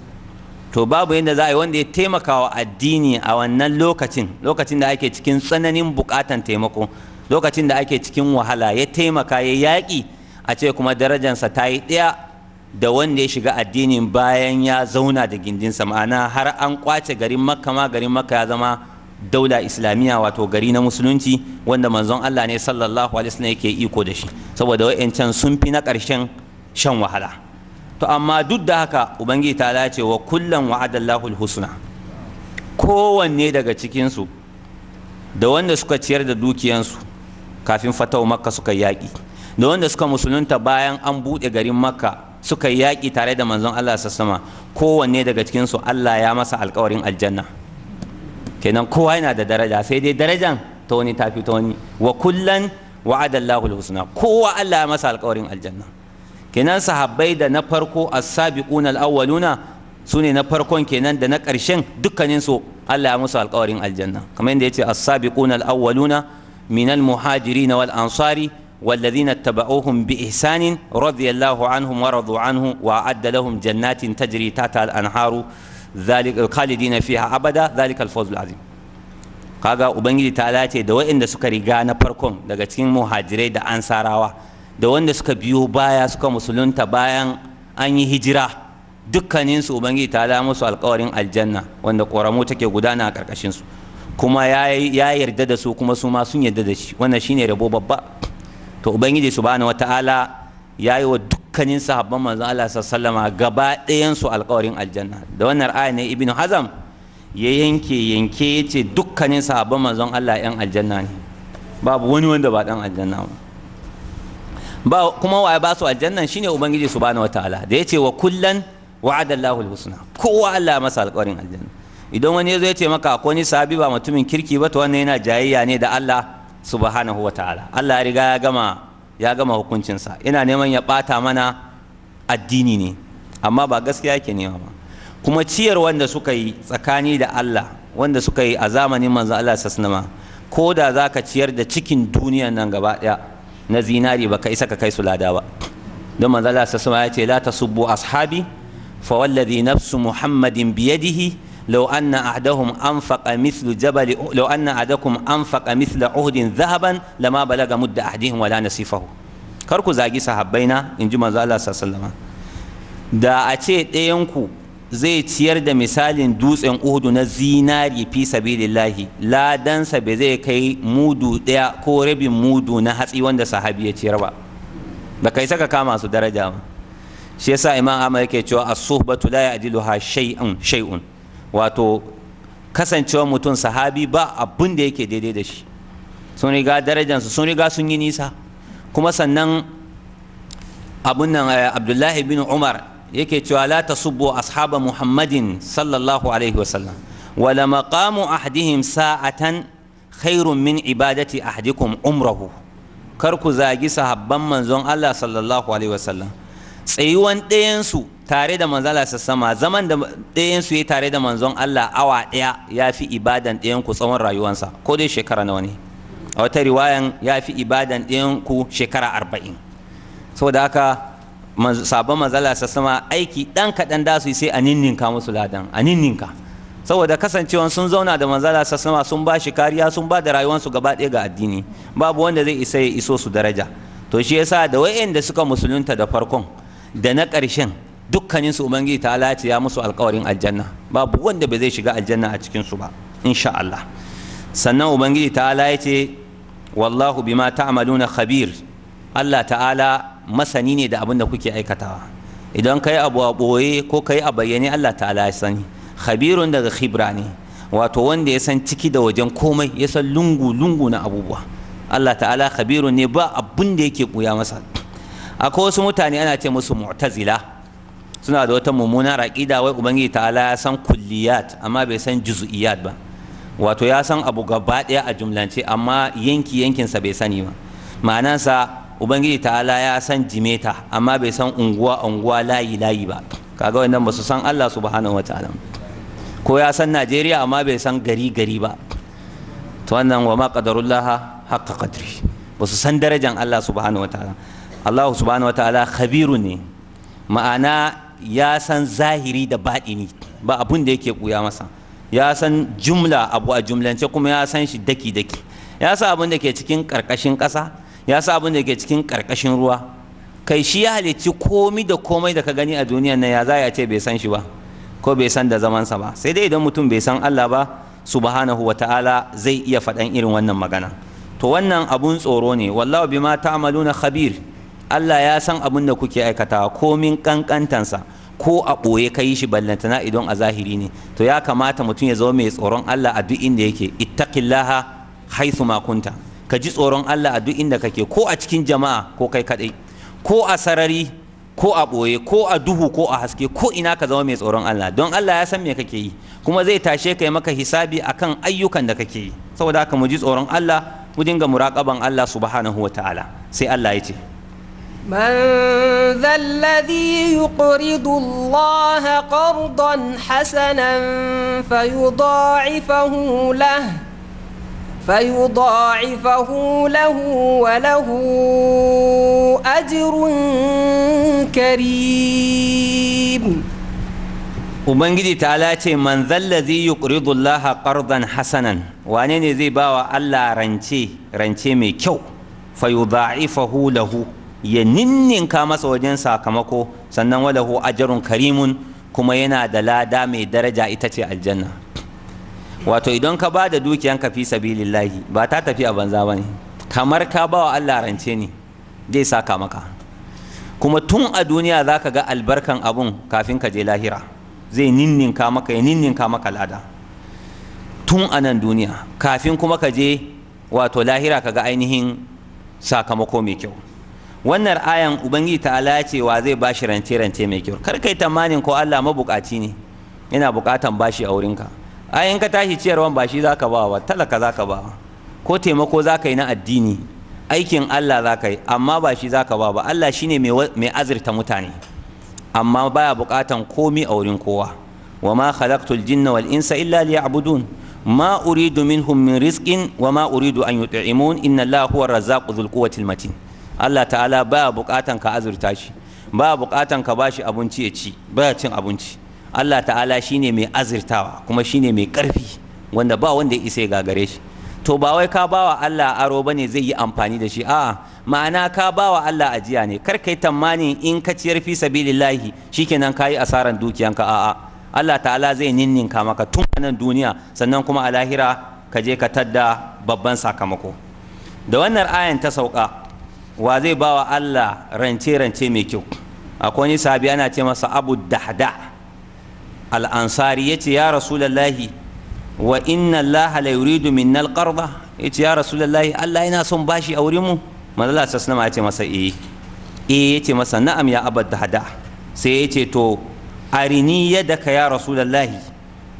to babu yadda za a yi wanda ya taimaka wa addini a wannan lokacin lokacin da ake cikin tsananin bukatan taimako lokacin da ake cikin wahala ya taimaka ya yaƙi a ce kuma darajansa ta yi ɗaya da wanda ya shiga addinin bayan ya zauna da gindinsa ma'ana har an kwace garin makka ma garin makka ya zama daula islamiyya wato gari na musulunci wanda manzon Allah ne sallallahu alaihi wasallam yake iko da shi saboda wayancan sun fi na ƙarshen shan wahala to amma duk da haka ubangiji ta lace wa kullum wa'adallahu alhusna kowanne daga cikin su da wanda suka ciyar da dukiyansu kafin fatawa makka suka yaƙi da wanda suka musulunta bayan an buɗe garin makka suka yaƙi tare da manzon Allah sassama kowanne daga cikinsu Allah ya masa alƙawarin aljanna kenan kowa yana da daraja sai dai darajan ta wani tafi ta wani wa kullan wa'ada Allahu husna kowa Allah ya masa alƙawarin aljanna kenan sahabbai da na farko as-sabiquna al-awwaluna sune na farkon kenan da na ƙarshen dukkanin su Allah ya musu alƙawarin aljanna kamar yadda yace as-sabiquna al-awwaluna min al-muhajirin wal ansari والذين اتبعوهم بإحسان رضي الله عنهم ورضوا عنه وأعد لهم جنات تجري تحتها الأنهار zalik khalidina fiha abada zalikal fawzul azim kaga ubangiji ta ce da waɗanda suka riga na farkon daga cikin muhajirai da ansarawa da wanda suka biyo baya suka musulunta bayan an yi hijira dukkaninsu ubangiji ta la musu alkawarin aljanna wanda ƙoramu take gudana a ƙarƙashinsu kuma ya yarda da su kuma su ma sun yarda da shi wannan shine rabo babba to ubangiji subhanahu wata'ala ya yi wa dukkanin sahabban manzon Allah sallama gaba ɗayan su alƙawarin aljanna da wannan aya ne ibnu hazam ya yanke yanke ya ce dukkanin sahabban manzon Allah yan aljanna ne babu wani wanda ba dan aljanna ba ba kuma waye ba su aljanna shine ubangiji subhanahu wataala da yace wa kullan wa'ada Allahul husna kowa Allah masa alƙawarin aljanna idan wani yazo ya ce maka akwai ni sahabi ba mutumin kirki ba to wannan yana jayayya ne da Allah subhanahu wataala Allah ya riga ya gama ya gama hukuncinsa ina neman ya ɓata mana addini ne amma ba gaskiya yake nema ba kuma ciyar wanda suka yi tsakani da Allah wanda suka yi a zamanin manzo Allah sasnama ko da za ka ciyar da cikin duniyan nan gaba ɗaya na zinari baka isa ka kai su lada ba don manzo Allah sasnama ya ce la tasubbu ashabi fa wallazi nafsu muhammadin biyadihi لو أن أحدهم أنفق مثل جبل لو أن أحدكم أنفق مثل عهد ذهبا لما بلغ مد أحدهم ولا karku zagi sahabbaina in ji manzo Allah sallallahu da a ce ɗayan ku zai ciyar da misalin dutsen uhudu na zinari fi sabilillahi ladansa bai zai kai mudu ɗaya ko rabin mudu na hatsi wanda sahabi ya ciyar ba ba kai saka kama su daraja ba shi yasa imam Ahmad yake cewa as-suhbatu la ya'diluha shay'un shay'un wato kasancewar mutum sahabi ba abin da yake daidai da shi sun riga darajansu sun riga sun yi nisa kuma sannan abun nan eh, abdullahi bin umar yake cewa la tasubbu ashaba muhammadin sallallahu alaihi wasallam wala maqamu ahdihim sa'atan khairun min ibadati ahdikum umrahu kar ku zagi sahabban manzon Allah sallallahu alaihi wasallam tsayuwan ɗayansu tare da manzon Allah sama zaman da ɗayan su yi tare da manzon Allah awa ɗaya ya fi ibadan ɗayan ku tsawon rayuwansa ko dai shekara nawa ne a wata riwayan ya fi ibadan ɗayan ku shekara arba'in saboda haka sabon manzala Allah sama aiki ɗan kaɗan da su sai a ninninka musu ladan a ninninka saboda kasancewa sun zauna da manzala Allah sama sun ba shi kariya sun ba da rayuwansu gaba ɗaya ga addini babu wanda zai isa ya iso su daraja to shi yasa da wa'anda suka musulunta da farkon da na ƙarshen dukkanin su ubangiji ta lati ya musu alkawarin aljanna babu wanda bai zai shiga aljanna a cikin su ba insha Allah sannan ubangiji ta ya ce wallahu bima ta'maluna khabir Allah ta'ala masani ne da abin da kuke aikatawa idan kai abu a boye ko kai a bayyane Allah ta'ala ya sani khabirun daga khibra ne wato wanda ya san ciki da wajen komai ya san lungu lungu na abubuwa Allah ta'ala khabirun ne ba abin da yake buya masa akwai wasu mutane ana ce musu mu'tazila suna da wata mummunar aƙida wai ubangiji ta'ala ya san kulliyat amma bai san juz'iyat ba wato ya san abu gaba ɗaya a jumlance amma yanki yankinsa bai sani ba sa ubangiji ta'ala ya san jimeta amma bai san unguwa unguwa layi layi ba kaga wannan ba su san Allah subhanahu wa ta'ala ko ya san Najeriya amma bai san gari gari ba to wannan wa ma qadarullah haqqa qadri ba su san darajan Allah subhanahu wa ta'ala Allah subhanahu wa ta'ala khabiru ne ma'ana ya san zahiri da baɗini ba abun da yake ɓuya masa ya san jumla abu a jumlance kuma ya san shi daki-daki ya sa abin da ke cikin ƙarƙashin ƙasa ya sa abin da ke cikin ƙarƙashin ruwa kai shi ya halicci komi da komai da ka gani a duniyan na ya za ya ce bai san shi ba ko bai san da zamansa ba sai dai idan mutum bai san Allah ba subhanahu wa ta'ala zai iya faɗan irin wannan magana to wannan abun tsoro ne wallahu bima ta'maluna khabir Allah ya san abin da kuke aikatawa komin kankantansa ko a ɓoye ka yi shi ballantana idan a zahiri ne to ya kamata mutum ya zama mai tsoron Allah a duk inda yake ittaqillaha haythu ma kunta ka ji tsoron Allah a duk inda kake ko a cikin jama'a ko kai kadai ko a sarari ko a ɓoye ko a duhu ko a haske ko ina ka zama mai tsoron Allah don Allah ya san me kake yi kuma zai tashe ka yi maka hisabi akan ayyukan da kake yi saboda haka mu ji tsoron Allah mu dinga muraƙaban Allah subhanahu wa ta'ala sai Allah ya ce من ذا الذي يقرض الله قرضا حسنا فيضاعفه له فيضاعفه له وله أجر كريم Ubangiji ta ce man zallazi yuqridu Allah qardan hasanan wane ne zai bawa Allah rance rance mai kyau fayudha'ifahu lahu ya ninninka masa wajen sakamako sannan walahu ajarun karimun kuma yana da lada mai daraja ita ce aljanna wato idan ka ba da dukiyanka fi sabilillahi ba ta tafi a banza bane kamar ka ba wa Allah rance ne zai saka maka kuma tun a duniya za ka ga albarkan abun kafin ka je lahira zai ninninka maka ya ninninka maka lada tun a nan duniya kafin kuma ka je wato lahira ka ga ainihin sakamako mai kyau wannan ayan ubangiji ta'ala ya ce wa zai bashi rance rance mai kyau kar kai tamanin ko Allah mabukaci ne yana bukatan bashi a wurinka ayan ka tashi ciyarwan bashi shi zaka ba wa talaka zaka ba ko taimako zaka yi na addini aikin Allah zaka yi amma ba zaka ba ba Allah shine mai azurta mutane amma baya bukatan komi a wurin kowa wa ma khalaqtul jinna wal insa illa liya'budun ما أريد منهم من رزق وما أريد أن يطعمون inna الله هو الرزاق ذو القوة المتين Allah ta'ala baya bukatan ka azurta shi baya bukatan ka bashi abinci ya ci baya cin abinci Allah ta'ala shine mai azurtawa kuma shine mai karfi wanda ba wanda ya isa ya gagare shi to ba wai ka bawa Allah aro bane zai yi amfani da shi a'a ma'ana ka bawa Allah ajiya ne kar kai tamanin in ka ciyar fi sabilillahi shikenan kayi asaran dukiyanka a'a Allah ta'ala zai ninninka maka tun a nan duniya sannan kuma a lahira ka je ka tadda babban sakamako da wannan ayan ta sauka wa zai ba wa Allah rance-rance mai kyau akwai wani sahabi ana ce masa abu dahda al-ansari ya ce ya rasulallahi wa inna allaha la yuridu minna al-qarda ya ce ya rasulallahi Allah yana son bashi a wurin wurinmu manzala sassanama ya ce masa eh eh ya ce masa na'am ya abu dahda sai ya ce to arini yadaka ya rasulallahi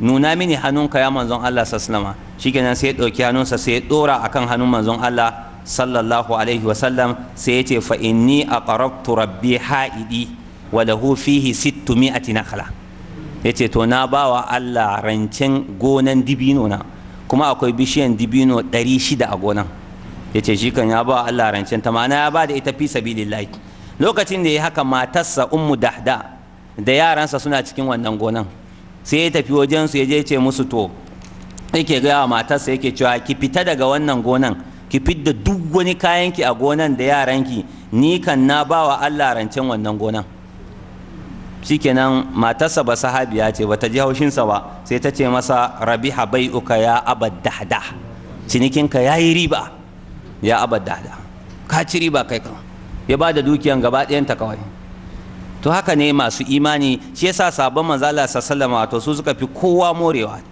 nuna mini hannunka ya manzon Allah sassanama shikenan sai ya ɗauki hannunsa sai ya ɗora akan hannun manzon Allah sallallahu alaihi wasallam sai ya ce fa inni aqrabtu rabbi ha'idi wa lahu fihi sittu mi'ati nakhla yace to na bawa Allah rancen gonan dibino na kuma akwai bishiyan dibino 600 a gonan yace shi kan ya bawa Allah rancen ta ma'ana ya ba da ita fi sabilillahi lokacin da ya haka matarsa ummu dahda da yaransa suna cikin wannan gonan sai ya tafi wajen su ya je ce musu to yake gaya wa matarsa yake cewa ki fita daga wannan gonan ki fidda duk wani kayanki a gonan da yaranki ni kan na bawa Allah rancen wannan gonan shikenan matarsa ba sahabiya ce ba ta ji haushinsa ba sai ta ce masa rabiha uka ya abadda da cinikinka ya yi riba ya abadda da. ka ci riba kai kan ya ba da dukiyan gaba ɗayanta kawai to haka ne masu imani shi yasa sabon manzo Allah sallallahu alaihi wato su suka fi kowa morewa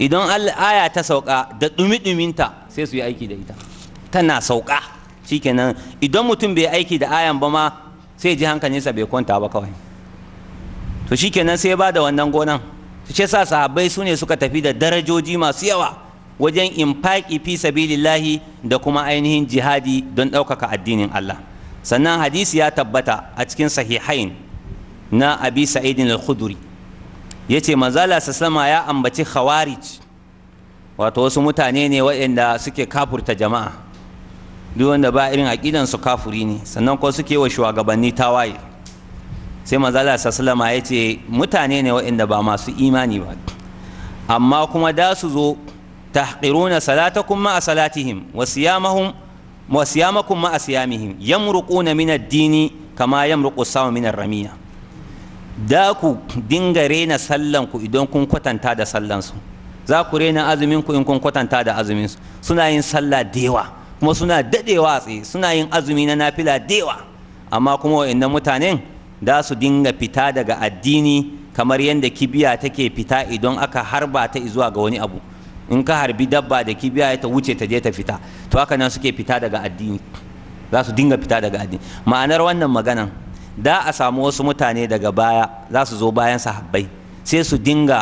idan aya ta sauka da ɗumi-ɗuminta. sai su yi aiki da ita tana sauka shikenan idan mutum bai aiki da ayan ba ma sai ji hankalinsa bai kwanta ba kawai to shikenan sai ba da wannan gonan shi sa sahabbai su ne suka tafi da darajoji masu yawa wajen infaki fi sabilillahi da kuma ainihin jihadi don ɗaukaka addinin Allah sannan hadisi ya tabbata a cikin sahihain na abi sa'idin al-khuduri yace manzala sallama ya ambaci khawarij wato wasu mutane ne waɗanda suke kafurta jama'a duk wanda ba irin aƙidan su kafuri ne sannan ko suke wa shugabanni tawaye sai manzala sallama ya ce mutane ne waɗanda ba masu imani ba amma kuma da su zo tahqiruna salatakum ma'a salatihim wa siyamahum wa siyamakum ma'a siyamihim yamruquna min ad-dini kama yamruqu sawu min ar-ramiya da ku dinga rena sallan ku idan kun kwatanta da sallan su za ku rena azumin ku in kun kwatanta da azumin su suna yin sallah da yawa kuma suna dadewa tsaye suna yin azumi na nafila da yawa amma kuma wa'inda mutanen da su dinga fita daga addini kamar yadda kibiya take fita idan aka harba ta zuwa ga wani abu in ka harbi dabba da kibiya ta wuce ta je ta fita to haka nan suke fita daga addini za su dinga fita daga addini ma'anar wannan maganan da a samu wasu mutane daga baya za su zo bayan sahabbai sai su dinga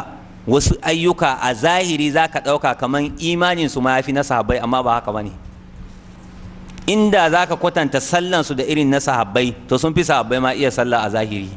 wasu ayyuka a zahiri za ka ɗauka kamar imaninsu ma ya fi na sahabbai amma ba haka ba ne inda za ka kwatanta sallansu da irin na sahabbai to sun fi sahabbai ma iya sallah a zahiri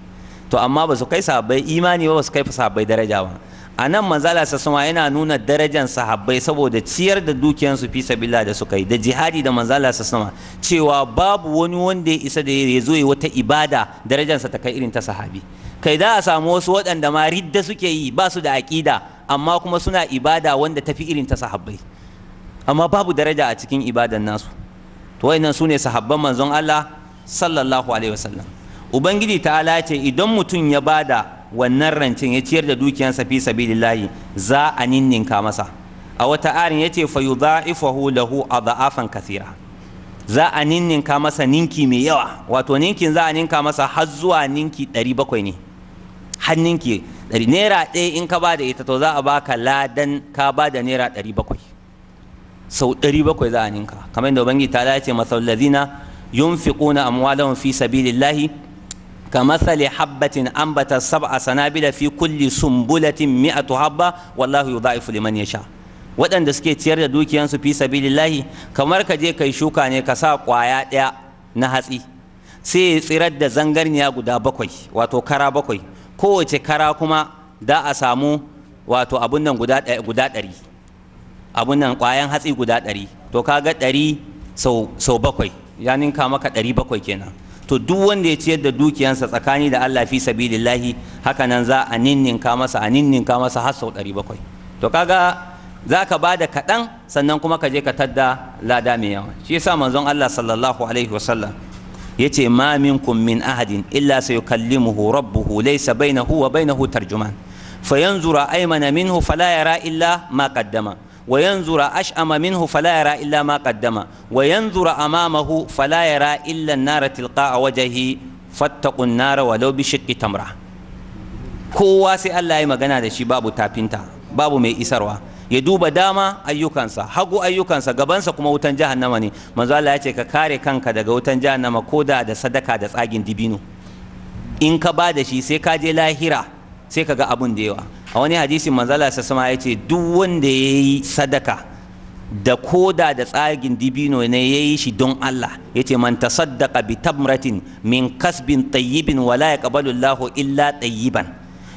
to amma ba su kai sahabbai imani ba ba su kai sahabbai daraja ba a nan manzala sassama yana nuna darajan sahabbai saboda ciyar da dukiyansu fi sabila da suka yi da jihadi da manzala sassama cewa babu wani wanda ya isa da ya zo wata ibada darajansa ta kai irin ta sahabi kai da a samu wasu waɗanda ma ridda suke yi ba su da aƙida amma kuma suna ibada wanda tafi irin ta sahabbai amma babu daraja a cikin ibadan nasu to wayannan sune sahabban manzon Allah sallallahu alaihi wasallam ubangiji ta'ala ce idan mutum ya bada wannan rancin ya ciyar da dukiyansa fi sabilillahi za a ninninka masa a wata arin yace fa yudha'ifahu lahu adha'afan kathira za a ninninka masa ninki mai yawa wato ninkin za a ninka masa har zuwa ninki 700 ne hannunki ɗari naira ɗaya in ka ba da ita to za a baka ladan ka ba da naira ɗari bakwai sau ɗari bakwai za a ninka kamar yadda ubangi ta ce masal lazina yunfiquna amwalahum fi sabilillahi كمثل حبة أنبت سبع سنابل في كل سنبلة مئة حبة والله يضاعف لمن يشاء waɗanda suke ciyar da dukiyansu fi sabilillahi kamar ka je kai shuka ne ka sa ƙwaya ɗaya na hatsi sai ya tsirar da zangarniya guda bakwai wato kara bakwai kowace kara kuma da a samu wato abun nan guda ɗari abun nan ƙwayan hatsi guda ɗari to kaga ɗari sau bakwai ya ninka maka ɗari bakwai kenan to duk wanda ya ciyar da dukiyansa tsakani da Allah fi sabilillahi haka nan za a ninninka masa a ninninka masa har sau ɗari bakwai to kaga za ka ba da kaɗan sannan kuma ka je ka tadda lada mai yawa shi yasa manzon Allah sallallahu alaihi wasallam yace ma minkum min ahadin illa sayukallimuhu rabbuhu laysa bainahu wa bainahu tarjuman fayanzura aymana minhu fala yara illa ma qaddama وينظر أشأم منه فلا يرى إلا ما قدم وينظر أمامه فلا يرى إلا النار تلقاء وجهه فاتقوا النار ولو بشق تمرة kowa sai Allah ya magana da shi babu tafinta babu mai isarwa ya duba dama ayyukansa hagu ayyukansa gabansa kuma wutan jahannama ne manzo Allah ya ce ka kare kanka daga wutan jahannama ko da da sadaka da tsagin dibino in ka ba da shi sai ka je lahira sai ka ga abun da yawa a wani hadisi manzo Allah sama ya ce duk wanda yayi sadaka da koda da tsagin dibino ne ya yi shi don Allah ya ce man tasaddaqa bi tamratin min kasbin tayyibin wala yaqbalu Allahu illa tayyiban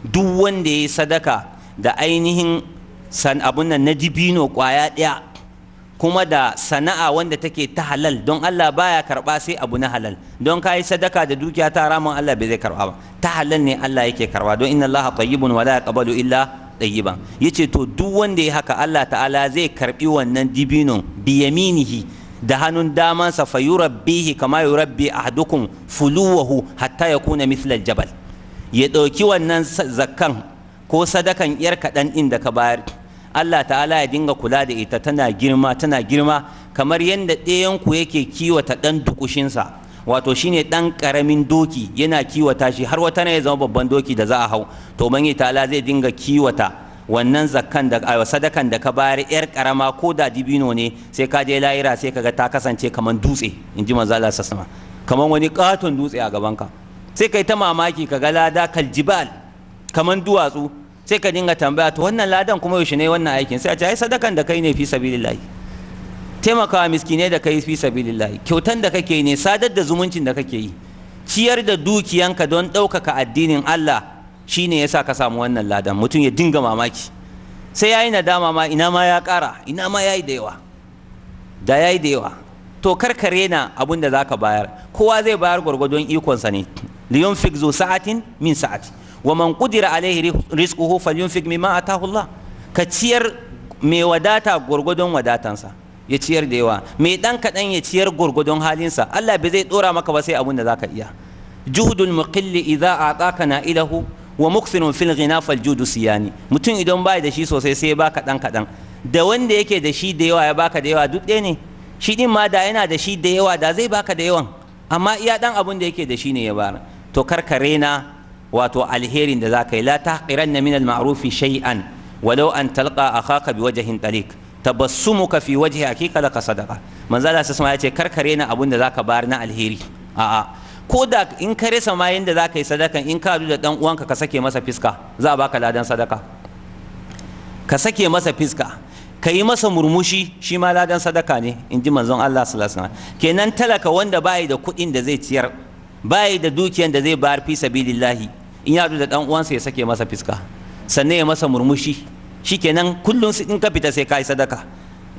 duk wanda ya yi sadaka da ainihin san abun nan na dibino kwaya ɗaya kuma da sana'a wanda take ta halal don Allah baya karɓa sai abu na halal don ka yi sadaka da dukiya ta haramun Allah bai zai karɓa ba ta halal ne Allah yake karɓa don inna Allah tayyibun wala yaqbalu illa tayyiban yace to duk wanda ya haka Allah ta'ala zai karɓi wannan dibinon biyaminihi da hannun damansa fa yurabbihi kama yurabbi ahdukun fuluwahu hatta yakuna mithlal jabal ya ɗauki wannan zakkan ko sadakan 'yar kaɗan ɗin da ka bayar Allah ta'ala ya dinga kula da ita tana girma tana girma kamar yadda ɗayanku yake kiwata ɗan dukushinsa wato shine ɗan ƙaramin doki yana kiwata shi har wata ya zama babban doki da za a hau to bangi ta'ala zai dinga kiwata wannan zakkan da sadakan da ka bayar yar karama ko da dibino ne sai ka je layira sai kaga ta kasance kaman dutse in ji manzo Allah sassama kaman wani katon dutse a gaban ka sai kai ta mamaki kaga lada kaljibal kaman duwatsu sai ka dinga tambaya to wannan ladan kuma yaushe ne wannan aikin sai a ce ai sadakan da kai ne fi sabilillahi taimakawa miskinai da kai fi sabilillahi kyautan da kake ne sadar da zumuncin da kake yi ciyar da dukiyanka don ɗaukaka addinin Allah shine yasa ka samu wannan ladan mutum ya dinga mamaki sai yayi nadama ma ina ma ya ƙara ina ma yayi da yawa da yayi da yawa to karkare na abin da zaka bayar kowa zai bayar gwargwadon ikonsa ne liyon fikzo sa'atin min sa'atin. wa man qudira alaihi rizquhu falyunfiq mimma atahu Allah ka ciyar mai wadata gurgudun wadatansa ya ciyar da yawa mai dan kadan ya ciyar gurgudun halinsa Allah bai zai dora maka ba sai abin da zaka iya juhdul muqilli idza na na'ilahu wa muksinun fil ghina fal judu siyani mutum idan bai da shi sosai sai baka dan kadan da wanda yake da shi da yawa ya baka da yawa duk shi din ma da yana da shi da yawa da zai baka da yawan amma iya dan abunda yake da shi ne ya bara to karkare na wato alherin da ka yi la tahqiranna min al-ma'ruf shay'an walau an talqa akhaka biwajhin taliq tabassumuka fi wajhi akika laka sadaqa manzo Allah sai ya ce karkare na abun da zaka bayar na alheri a'a ko da in ka resa ma yanda zaka yi sadakan in ka da dan uwanka ka sake masa fiska za a baka ladan sadaka ka sake masa fiska ka yi masa murmushi shi ma ladan sadaka ne in ji manzon Allah sallallahu alaihi wasallam kenan talaka wanda bai da kuɗin da zai ciyar bai da dukiyan da zai bayar fi sabilillahi in ya da dan uwansa ya sake masa fiska sannan ya masa murmushi shikenan kullum in ka fita sai ka yi sadaka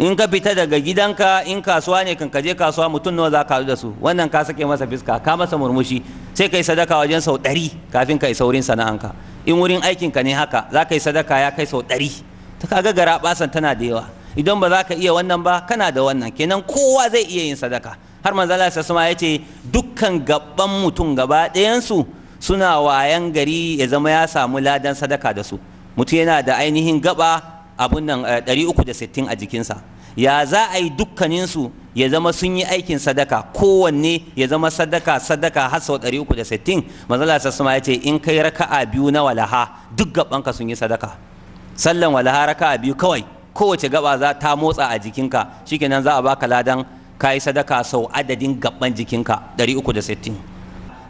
in ka fita daga gidanka in kasuwa ne kan kaje kasuwa mutum nawa za ka da su wannan ka sake masa fiska ka masa murmushi sai ka yi sadaka wajen sau ɗari kafin ka yi saurin sana'anka in wurin aikin ka ne haka za ka yi sadaka ya kai sau ɗari ta kaga gara basan tana da yawa idan ba za ka iya wannan ba kana da wannan kenan kowa zai iya yin sadaka har manzala sasuma ya ce dukkan gaban mutum gaba ɗayansu suna wayan gari ya zama ya samu ladan sadaka da su mutum yana da ainihin gaba abun nan 360 eh, a jikinsa ya za a yi dukkaninsu ya zama sun yi aikin sadaka kowanne ya zama sadaka sadaka har sau 360 manzala sassama ya ce in kai raka'a biyu na walaha duk gabanka sun yi sadaka sallan walaha raka'a biyu kawai kowace gaba za ta motsa a jikinka shikenan za a baka ladan ka yi sadaka sau adadin gaban jikinka 360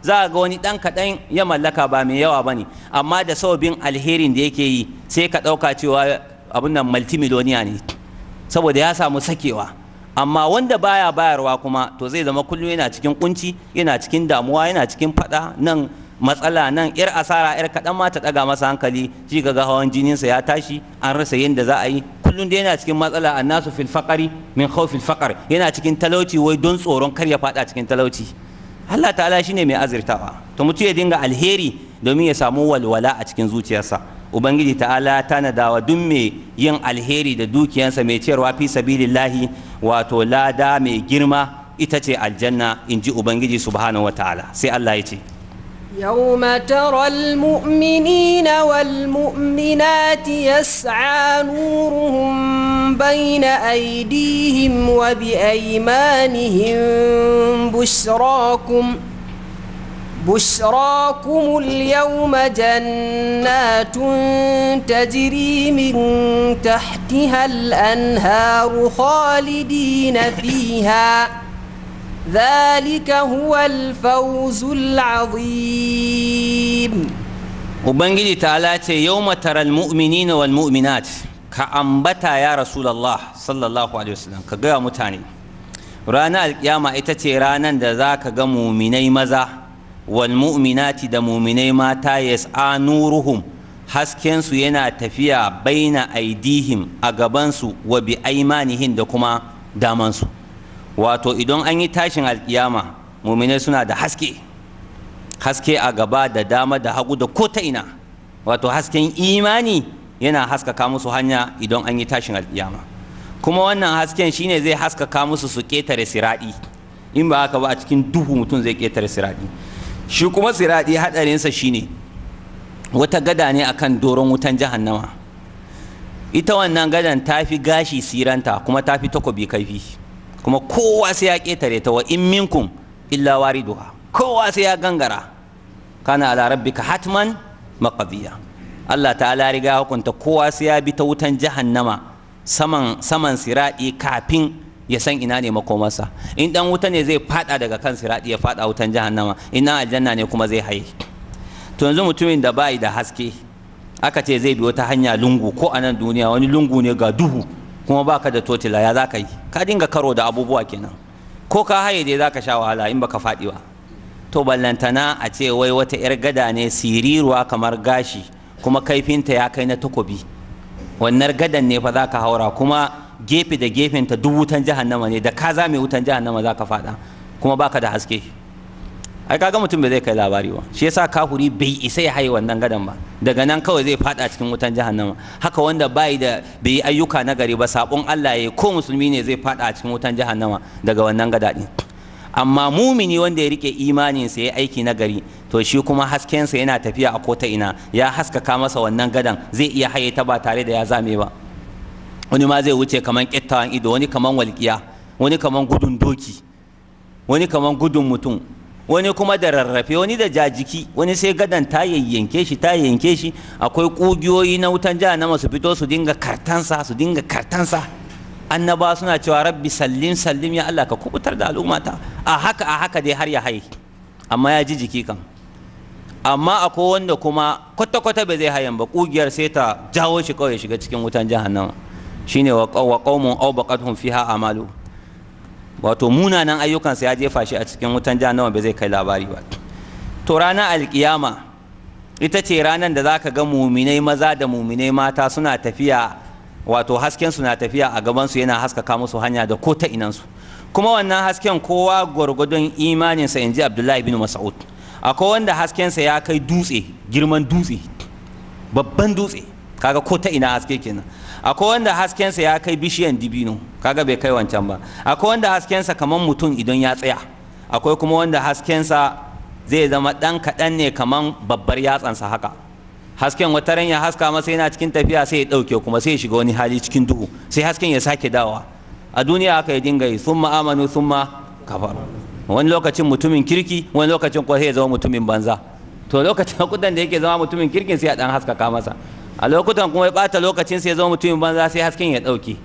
za a ga wani ɗan kaɗan ya mallaka ba mai yawa ba ne amma da sababin alherin da yake yi sai ka ɗauka cewa abin nan multimiloniya ne saboda ya samu sakewa amma wanda baya bayarwa kuma to zai zama kullum yana cikin kunci yana cikin damuwa yana cikin faɗa nan matsala nan yar asara yar kaɗan ma ta ɗaga masa hankali shi ga hawan jininsa ya tashi an rasa yadda za a yi kullum da yana cikin matsala a nasu faqari min khawfil faqar yana cikin talauci wai don tsoron kar ya faɗa cikin talauci Allah ta'ala shine mai azirtawa to mutum ya dinga alheri domin ya samu walwala a cikin zuciyarsa ubangiji ta'ala tana dawa duk mai yin alheri da dukiyansa mai ciyarwa fi sabilillahi wato lada mai girma ita ce aljanna in ji ubangiji subhanahu wa ta'ala sai Allah ya ce يوم ترى المؤمنين والمؤمنات يسعى نورهم بين أيديهم وبأيمانهم بشراكم بشراكم اليوم جنات تجري من تحتها الأنهار خالدين فيها ذلك هو الفوز العظيم Ubangiji ce yau mataral mu'mini na wal ka ambata ya Rasulallah sallallahu alaihi wasallam ka gaya mutane ranar alkiyama ita ce ranar da za ka ga mu'minai maza walmuminati da mu'minai mata yas'a haskensu yana tafiya baina aidihim a gabansu wa bi aimanihin da kuma damansu wato idan an yi tashin alkiyama muminai suna da haske haske a gaba da dama da hagu da kota ina wato hasken imani yana haskaka musu hanya idan an yi tashin alkiyama kuma wannan hasken shine zai haskaka musu su ketare siraɗi in ba haka ba a cikin duhu mutum zai ketare siraɗi shi kuma siraɗi haɗarinsa shine wata gada ne akan doron wutan jahannama ita wannan gadan tafi gashi siranta kuma tafi fi takobi kaifi kuma kowa sai ya ƙetare ta wa in minkum illa wariduha kowa sai ya gangara kana ala rabbika hatman maqdiya Allah ta'ala riga hukunta kowa sai ya bi ta wutan jahannama saman saman siradi kafin ya san ina ne makomarsa in dan wuta ne zai fada daga kan siradi ya fada wutan jahannama ina aljanna ne kuma zai haye to yanzu mutumin da bai da haske aka ce zai bi wata hanya lungu ko a nan duniya wani lungu ne ga duhu kuma baka da totila ya zaka yi ka dinga karo da abubuwa kenan ko ka haye dai zaka sha wahala in ba ka faɗi ba to ballantana a ce wai wata 'yar gada ne siriruwa kamar gashi kuma kaifinta ya kai na takobi wannan gadan ne fa zaka haura kuma gefe da gefenta duk wutan jahannama ne da ka zame wutan jahannama zaka faɗa kuma baka da haske ai kaga mutum bai zai kai labari ba shi yasa kafuri bai isa ya haye wannan gadan ba daga nan kawai zai fada cikin wutan jahannama haka wanda bai da bai ayyuka na gari ba sabon Allah ya ko musulmi ne zai fada cikin wutan jahannama daga wannan gada din amma mumini wanda ya rike imanin sa ya aiki na gari to shi kuma hasken sa yana tafiya a kota ina ya haskaka masa wannan gadan zai iya haye ta ba tare da ya zame ba wani ma zai wuce kaman kettawan ido wani kaman walƙiya wani kaman gudun doki wani kaman gudun mutum wani kuma da rarrafe wani da jajiki wani sai gadan ta yayyanke shi ta yanke shi akwai kugiyoyi na wutan jahannama su fito su dinga kartansa su dinga kartansa annaba suna cewa rabbi sallim sallim ya Allah ka kubutar da al'ummata a haka a haka dai har ya haye amma ya ji jiki kan amma akwai wanda kuma kwata-kwata bai zai hayan ba kugiyar sai ta jawo shi kawai shiga cikin wutan jahannama shine wa qaumun aw baqathum fiha amalu wato munanan ayyukansa ya jefa shi a cikin wutan jahannama ba zai kai labari ba to ranar alkiyama ita ce ranar da zaka ga muminai maza da muminai mata suna tafiya wato hasken suna tafiya a gaban su yana haskaka musu hanya da ko ta inansu kuma wannan hasken kowa gwargwadon imaninsa in ji abdullahi bin mas'ud akwai wanda haskensa ya kai dutse girman dutse babban dutse kaga ko ta ina haske kenan akwai wanda hasken sa ya kai bishiyan dibino kaga bai kai wancan ba akwai wanda haskensa kamar mutum idan ya tsaya akwai kuma wanda haskensa zai zama dan kaɗan ne kamar babbar yatsan sa haka hasken wata ran ya haska masa yana cikin tafiya sai ya dauke kuma sai ya shiga wani hali cikin duhu sai hasken ya sake dawa a duniya aka ya dinga yi summa amanu summa kafaru wani lokacin mutumin kirki wani lokacin kuma sai ya zama mutumin banza to lokacin kudan da yake zama mutumin kirkin sai a dan haskaka masa a lokutan kuma ya bata lokacin sai ya zama mutumin banza sai hasken ya ɗauki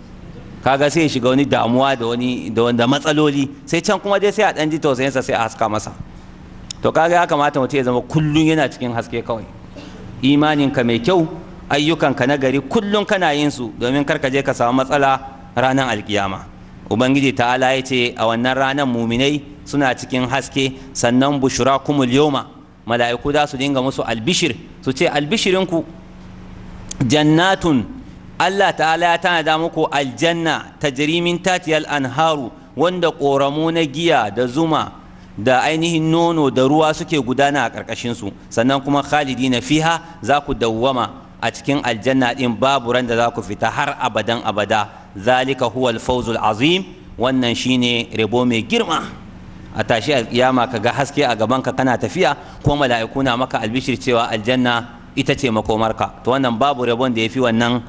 kaga sai ya shiga wani damuwa da wani da wanda matsaloli sai can kuma dai sai a dan ji tausayinsa sai a haska masa to kaga ya kamata mutum ya zama kullun yana cikin haske kawai imaninka mai kyau ayyukanka na gari kullun kana yin su domin kar ka je ka samu matsala ranar alkiyama ubangiji ta'ala ya ce a wannan ranar muminai suna cikin haske sannan bushura kumul yoma mala'iku za su dinga musu albishir su ce albishirinku jannatun Allah ta'ala ya tanada muku aljanna ta jarimin tatiyal anharu wanda ƙoramo na giya da zuma da ainihin nono da ruwa suke gudana a ƙarƙashinsu sannan kuma khalidi na fiha za ku dawwama a cikin aljanna ɗin babu ran da za ku fita har abadan abada zalika huwal fauzul azim wannan shine ribo mai girma a tashi alƙiyama ka ga haske a gabanka kana tafiya ko mala'iku na maka albishir cewa aljanna ita ce makomarka to wannan babu rabon da ya fi wannan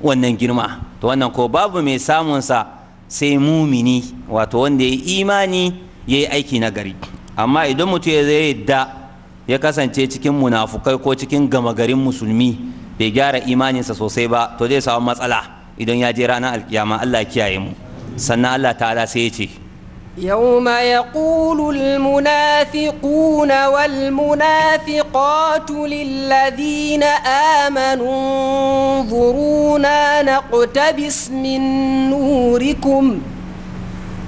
wannan girma to wannan ko babu mai samunsa sai mumini wato wanda ya imani ya yi aiki na gari amma idan mutum ya zai da ya kasance cikin munafukai ko cikin gama garin musulmi bai gyara imaninsa sosai ba to zai samu matsala idan ya je ranar alkiyama allah kiyaye mu sannan allah ta'ala sai ya ce يوم يقول المنافقون والمنافقات للذين آمنوا انظرونا نقتبس من نوركم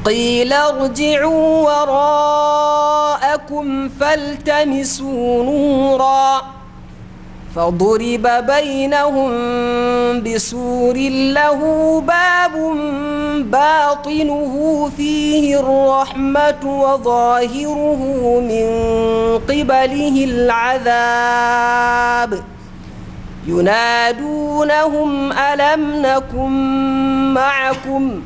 قيل ارجعوا وراءكم فالتمسوا نوراً فضرب بينهم بسور له باب باطنه فيه الرحمة وظاهره من قبله العذاب ينادونهم ألم نكن معكم ؟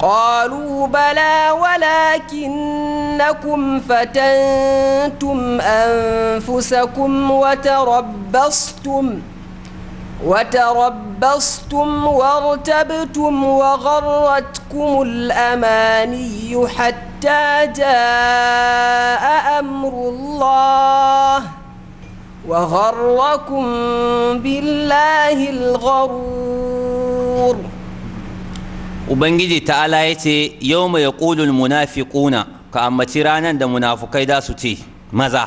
قالوا بلى ولكنكم فتنتم انفسكم وتربصتم وتربصتم وارتبتم وغرتكم الاماني حتى جاء امر الله وغركم بالله الغرور ubangiji ta'ala ya ce yau mai ƙulul munafiquna ka ambaci ranar da munafukai da su ce maza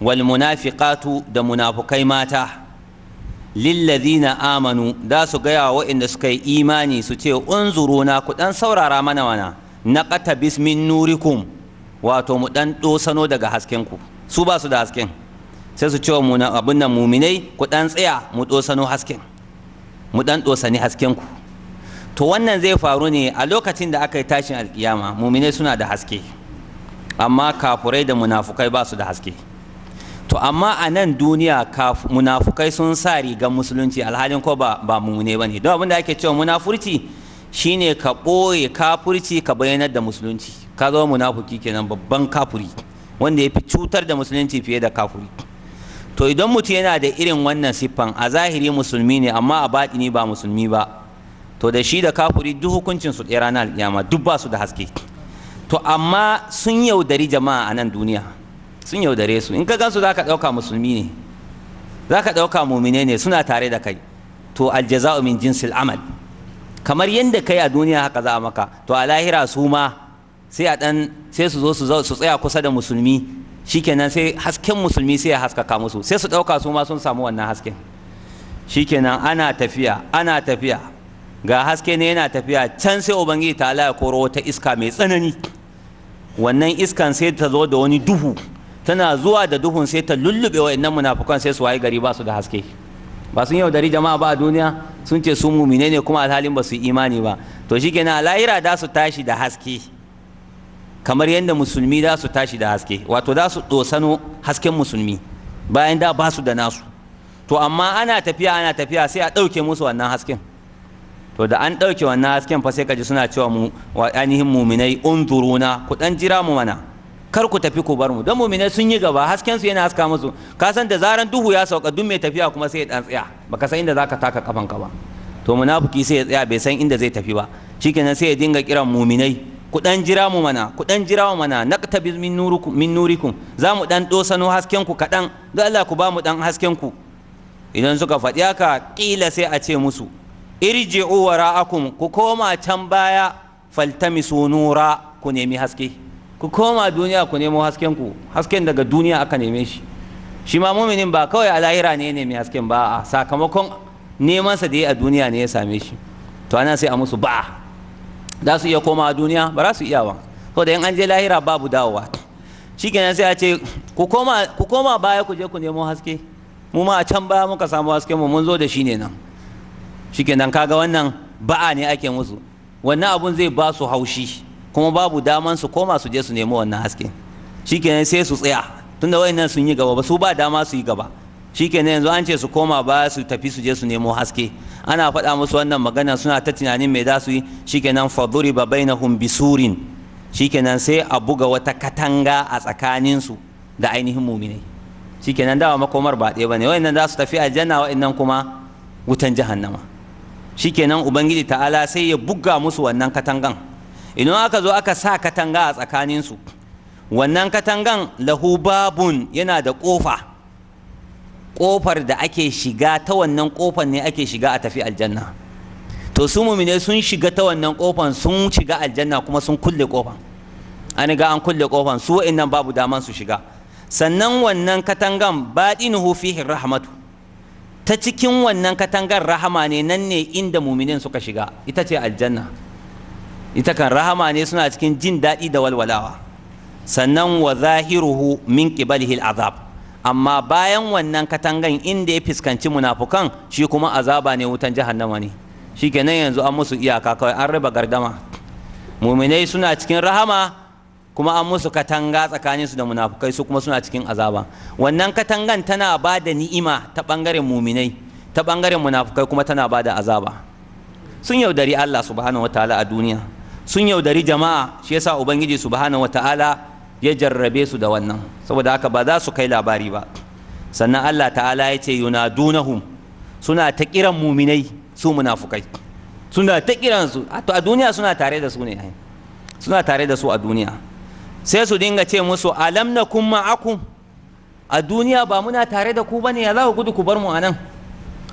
wal munafiqatu da munafukai mata lillazina amanu da su gaya wa waɗanda suka yi imani su ce unzuruna ku ɗan saurara mana wana na ƙata bismin nurikum wato mu ɗan ɗosano daga haskenku su ba su da hasken sai su ce wa abin nan muminai ku ɗan tsaya mu ɗosano hasken mu ɗan ɗosani haskenku to wannan zai faru ne a lokacin da aka yi tashin alkiyama muminai suna da haske amma kafurai da munafukai ba su da haske to amma a nan duniya munafukai sun sa rigar musulunci alhalin ko ba, ba mumune ba ne don abin da ake cewa munafurci shine ka ɓoye kafurci ka bayanar da musulunci ka zama munafuki kenan babban kafuri wanda ya fi cutar da musulunci fiye da kafuri to idan mutum yana da irin wannan siffan a zahiri musulmi ne amma a baɗini ba musulmi ba to da shi da kafuri duk hukuncin su ɗaya ranar alƙiyama duk ba su da haske to amma sun yaudari jama'a a nan duniya sun yaudare su in ka gansu za ka ɗauka musulmi ne za ka ɗauka mumine ne suna tare da kai to aljaza'u min jinsil amal kamar yadda kai a duniya haka za a maka to a lahira su ma sai a ɗan sai su zo su tsaya kusa da musulmi shikenan sai hasken musulmi sai ya haskaka musu sai su ɗauka su ma sun samu wannan hasken shikenan ana tafiya ana tafiya ga haske ne yana tafiya can sai ubangiji ta ya koro wata iska mai tsanani wannan iskan sai ta zo da wani duhu tana zuwa da duhun sai ta lullube wa'annan munafukan sai su waye gari ba su da haske ba sun yaudari jama'a ba a duniya sun ce sun mumine ne kuma alhalin ba su yi imani ba to shi kenan lahira da su tashi da haske kamar yadda musulmi da su tashi da haske wato da su dosano hasken musulmi bayan da ba su da nasu to amma ana tafiya ana tafiya sai a ɗauke musu wannan hasken to da an ɗauke wannan hasken fa sai ka ji suna cewa mu wa ainihin muminai unzuruna ku dan jira mu mana kar ku tafi ku bar mu don muminai sun yi gaba hasken su yana haska musu ka san da zaran duhu ya sauka duk mai tafiya kuma sai ya dan tsaya baka san inda zaka taka kafan ka ba to munafiki sai ya tsaya bai san inda zai tafi ba shikenan sai ya dinga kiran muminai ku dan jira mu mana ku dan jira mu mana naqtabiz min nurikum min nurikum za mu dan dosano hasken ku kadan don Allah ku ba mu dan hasken ku idan suka faɗi haka ƙila sai a ce musu irji'u wara'akum ku koma can baya faltamisu nura ku nemi haske ku koma duniya ku nemo hasken ku hasken daga duniya aka neme shi shi ma muminin ba kawai a lahira ne nemi hasken ba a sakamakon neman sa da a duniya ne ya same shi to ana sai a musu ba za su iya koma duniya ba za su iya ba da 'yan an je lahira babu dawowa shikenan sai a ce ku koma ku koma baya ku je ku nemo haske mu ma a can baya muka samu hasken mu mun zo da shi ne nan shikenan kaga wannan ba'a ne ake musu wannan abun zai ba su haushi kuma babu daman su koma su je su nemi wannan haske shikenan sai su tsaya tunda wayannan sun yi gaba ba su ba dama su yi gaba shikenan yanzu an ce su koma ba su tafi su je su nemo haske ana faɗa musu wannan magana suna ta tunanin me za su yi shikenan faduri ba bainahum bisurin shikenan sai a buga wata katanga a tsakaninsu da ainihin muminai shikenan dawa makomar ba ɗaya bane wayannan za su tafi aljanna wayannan kuma wutan jahannama shikenan ubangiji ta'ala sai ya buga musu wannan katangan idan aka zo aka sa katanga a tsakaninsu wannan katangan lahu babun yana da ƙofa ƙofar da ake shiga ta wannan ƙofar ne ake shiga a tafi aljanna to su mumine sun shiga ta wannan ƙofar sun shiga aljanna kuma sun kulle ƙofar an ga an kulle ƙofar su nan babu daman su shiga sannan wannan katangan baɗinuhu fihi rahmatu ta cikin wannan katangar rahama ne nan ne inda muminin suka shiga ita ce aljanna ita kan rahama ne suna cikin jin daɗi da walwalawa sannan wa zahiruhu min qibalihi azab amma bayan wannan katangan inda ya fuskanci munafukan shi kuma azaba ne wutan jahannama ne shikenan yanzu an musu iyaka kawai an raba gardama muminai suna cikin rahama kuma an musu katanga tsakaninsu da munafukai su kuma suna cikin azaba wannan katangan tana ba da ni'ima ta ɓangaren muminai ta ɓangaren munafukai kuma tana ba da azaba sun yaudari Allah subhanahu wataala a duniya sun yaudari jama'a shi yasa ubangiji subhanahu wataala ya jarrabe su da wannan saboda haka ba za su kai labari ba sannan Allah ta'ala ya ce yunadunahum suna ta kiran muminai su munafukai suna ta kiransu a duniya suna tare da su ne suna tare da su a duniya sai su dinga ce musu alam na kun ma'akun a duniya ba muna tare da ku ba ne ya za ku gudu ku bar mu a nan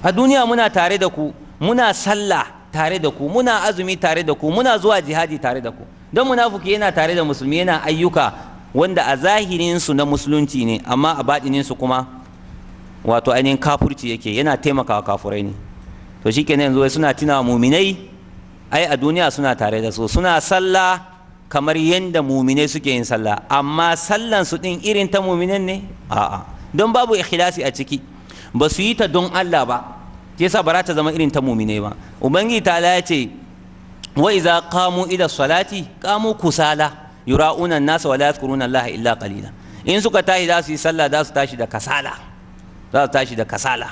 a duniya muna tare da ku muna sallah tare da ku muna azumi tare da ku muna zuwa jihadi tare da ku don munafuki yana tare da musulmi yana ayyuka wanda a zahirinsu na musulunci ne amma a baɗininsu kuma wato ainihin kafurci yake yana taimakawa kafurai ne to shi kenan yanzu suna tuna muminai ai a duniya suna tare da su suna sallah kamar yadda mumine suke yin sallah amma sallan su din irin ta muminen ne a'a don babu ikhlasi a ciki ba su yi ta don Allah ba yasa ba za ta zama irin ta mumine ba Ubangi ta ya ce wa iza qamu ila salati qamu kusala yura'una an-nas wa la yadhkuruna Allah illa qalila in suka tashi za su yi sallah za su tashi da kasala za su tashi da kasala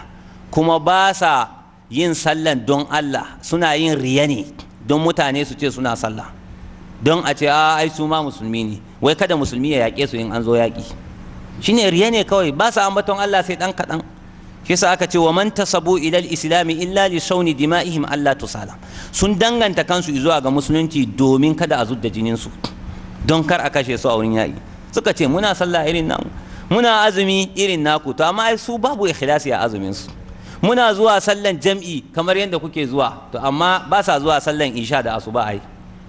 kuma ba sa yin sallan don Allah suna yin riya ne don mutane su ce suna sallah don a ce a ah, ai su ma musulmi ne wai kada musulmi ya yaƙe su in an zo yaƙi shine riya ne kawai ba sa ambaton Allah sai dan kaɗan shi sa aka ce wa man tasabu ila al-islam illa li shawni dima'ihim Allah tusala sun danganta kansu zuwa ga musulunci domin kada a zudda jinin su don kar a kashe su a wurin yaƙi suka ce muna sallah irin namu muna azumi irin naku to amma su babu ikhlasi a azumin su muna zuwa sallan jam'i kamar yadda kuke zuwa to amma ba sa zuwa sallan isha da asuba ai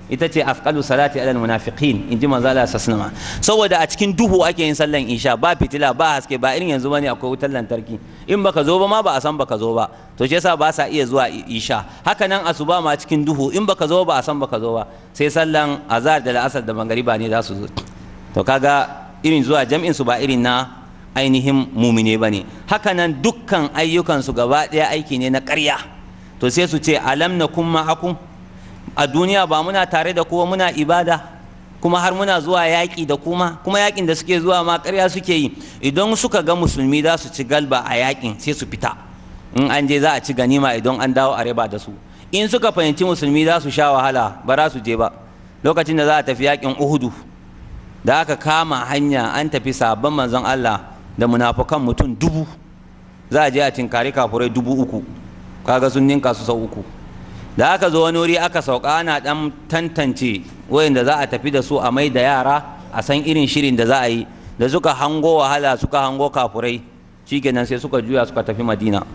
ita ce afqalu salati ala munafiqin in ji manzo Allah sallallahu saboda a cikin duhu ake yin sallan isha ba fitila ba haske ba irin yanzu bane akwai wutar lantarki in baka zo ba ma ba a san baka zo ba to shi yasa ba sa iya zuwa isha haka nan asuba ma cikin duhu in baka zo ba a san baka zo ba sai sallan azhar da la'asar da magariba ne za su zo to kaga irin zuwa jam'in su ba irin na ainihin mumine bane haka nan dukkan ayyukan su gaba daya aiki ne na ƙarya to sai su ce alam nakum ma'akum a duniya ba muna tare da kowa muna ibada kuma har muna zuwa yaƙi da kuma kuma yaƙin da suke zuwa ma ƙarya suke yi idan suka ga musulmi za su ci galba a yaƙin sai su fita in an je za a ci ganima idan an dawo a riba da su in suka fahimci musulmi za su sha wahala ba za su je ba lokacin da za a tafi yaƙin uhudu da aka kama hanya an tafi sabon manzon Allah da munafukan mutum dubu za a je a tinkari kafurai dubu uku kaga sun ninka su sau uku da aka zo wani wuri aka sauka ana dan tantance wayanda za a tafi da su a mai da yara a san irin shirin da za a yi da suka hango wahala suka hango kafurai shikenan sai suka juya suka tafi madina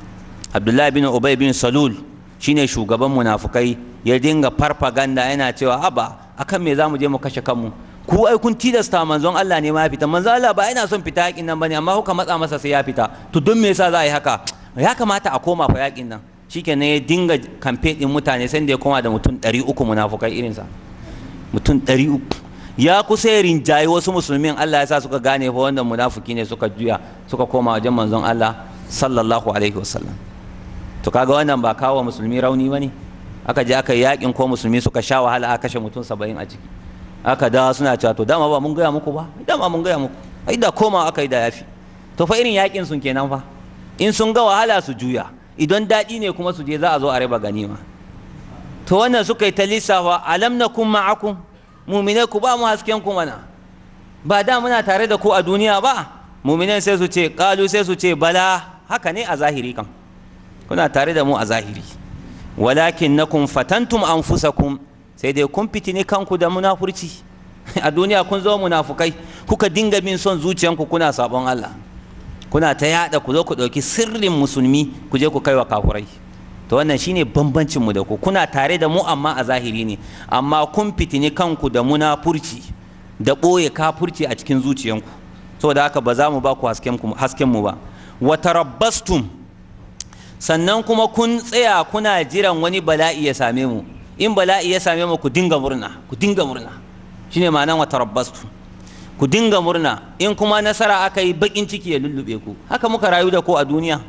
abdullahi bin ubay bin salul shine shugaban munafukai ya dinga farfaganda yana cewa aba akan me zamu je mu kashe kanmu ku ai kun tilasta manzon Allah ne ma ya fita manzon Allah ba yana son fita yakin nan bane amma kuka matsa masa sai ya fita to don me yasa za a yi haka ya kamata a koma fa yakin nan shikenan ya dinga kamfe din mutane sai da ya koma da mutum ɗari uku munafukai irinsa mutum ɗari uku ya kusa ya rinjayi wasu musulmin Allah ya sa suka gane fa wannan munafuki ne suka juya suka koma wajen manzon Allah sallallahu alaihi wasallam to kaga wannan ba kawo musulmi rauni ba ne aka je aka yakin ko musulmi suka sha wahala aka kashe mutum saba'in a ciki aka dawa suna cewa to dama ba mun gaya muku ba dama mun gaya muku ai da koma aka yi da yafi to fa irin yakin sun kenan fa in sun ga wahala su juya idan daɗi ne kuma su je za a zo a raba ganima to wannan suka yi ta lissafa alam na kun ma'akum muminai ku ba mu hasken ku mana ba da muna tare da ku a duniya ba muminai sai su ce ƙalu sai su ce bala haka ne a zahiri kam kuna tare da mu a zahiri walakin na kun fatantum anfusakum sai dai kun fitini kanku da munafurci a duniya kun zama munafukai kuka dinga bin son zuciyanku kuna sabon Allah kuna ta yada ku zo ku ɗauki sirrin musulmi ku je ku kaiwa kafurai to wannan shine bambancin mu da ku kuna tare da mu amma a zahiri ne amma kun fitini kanku da munafurci da ɓoye kafurci a cikin zuciyanku saboda haka ba za mu ba ku hasken mu ba wa tarabbastum sannan kuma kun tsaya kuna jiran wani bala'i ya same mu in bala'i ya same mu ku dinga murna ku dinga murna shine ma'anan wa tarabbastum ku dinga murna in kuma nasara aka yi bakin ciki ya lullube ku haka muka rayu da ku a duniya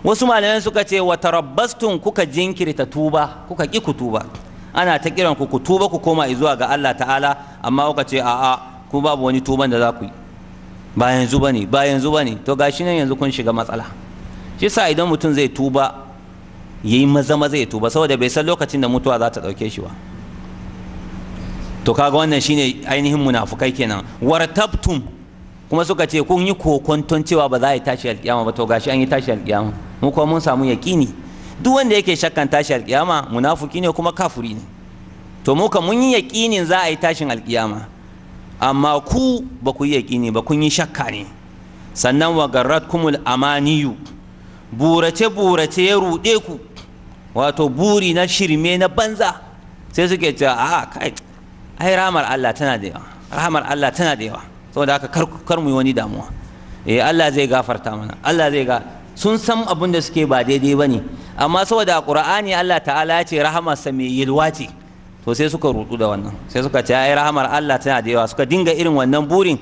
wasu malamai suka ce wa tarabbastun kuka jinkirta tuba kuka ki ku tuba ana ta kiran ku ku tuba ku koma zuwa ga Allah ta'ala amma kuka ce a'a ku babu wani tuban da za ku yi ba yanzu bane ba yanzu bane to gashi nan yanzu kun shiga matsala shi sa idan mutum zai tuba yayi maza maza ya tuba saboda bai san lokacin da mutuwa za ta dauke shi ba to kaga wannan shine ainihin munafukai kenan wartabtum kuma suka ce kun yi kokonton cewa ba za a yi tashi alkiyama ba to gashi an yi tashi alkiyama mu kuma mun samu yaqini duk wanda yake shakkan tashi alkiyama munafuki ne kuma kafuri ne to mu kuma mun yi yaƙinin za a yi tashin alkiyama amma ku ba ku yi yaqini ba kun yi shakka ne sannan wa garratkumul amaniyu burace burace ya ruɗe ku wato buri na shirme na banza sai suke cewa a'a kai ai rahamar Allah tana da yawa rahamar Allah tana da yawa saboda haka kar kar mu yi wani damuwa eh Allah zai gafarta mana Allah zai ga sun san abin da suke ba daidai bane amma saboda Qur'ani Allah ta'ala ya ce sa mai yalwa ce to sai suka rutu da wannan sai suka ce ai rahamar Allah tana da yawa suka dinga irin wannan burin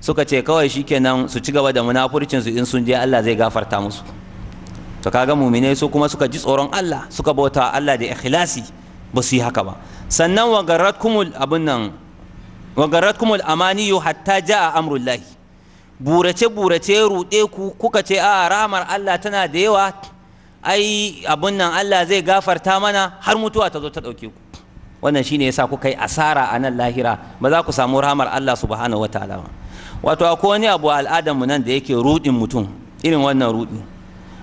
suka ce kawai shikenan su ci gaba da munafurcin su in sun je Allah zai gafarta musu to kaga muminai su kuma suka ji tsoron Allah suka bauta Allah da ikhlasi ba su yi haka ba sannan wagarar kumul amaniyu hatta a amrullahi burace burace ruɗe ku kuka ce a ramar Allah tana da yawa ai abun nan Allah zai gafarta mana har mutuwa ta zo ta ɗauke ku wannan shine yasa kuka yi asara a nan lahira ba za ku samu rahamar Allah subhanahu wataala ba wato akwai wani abu al'adar mu nan da yake ruɗin mutum irin wannan ruɗi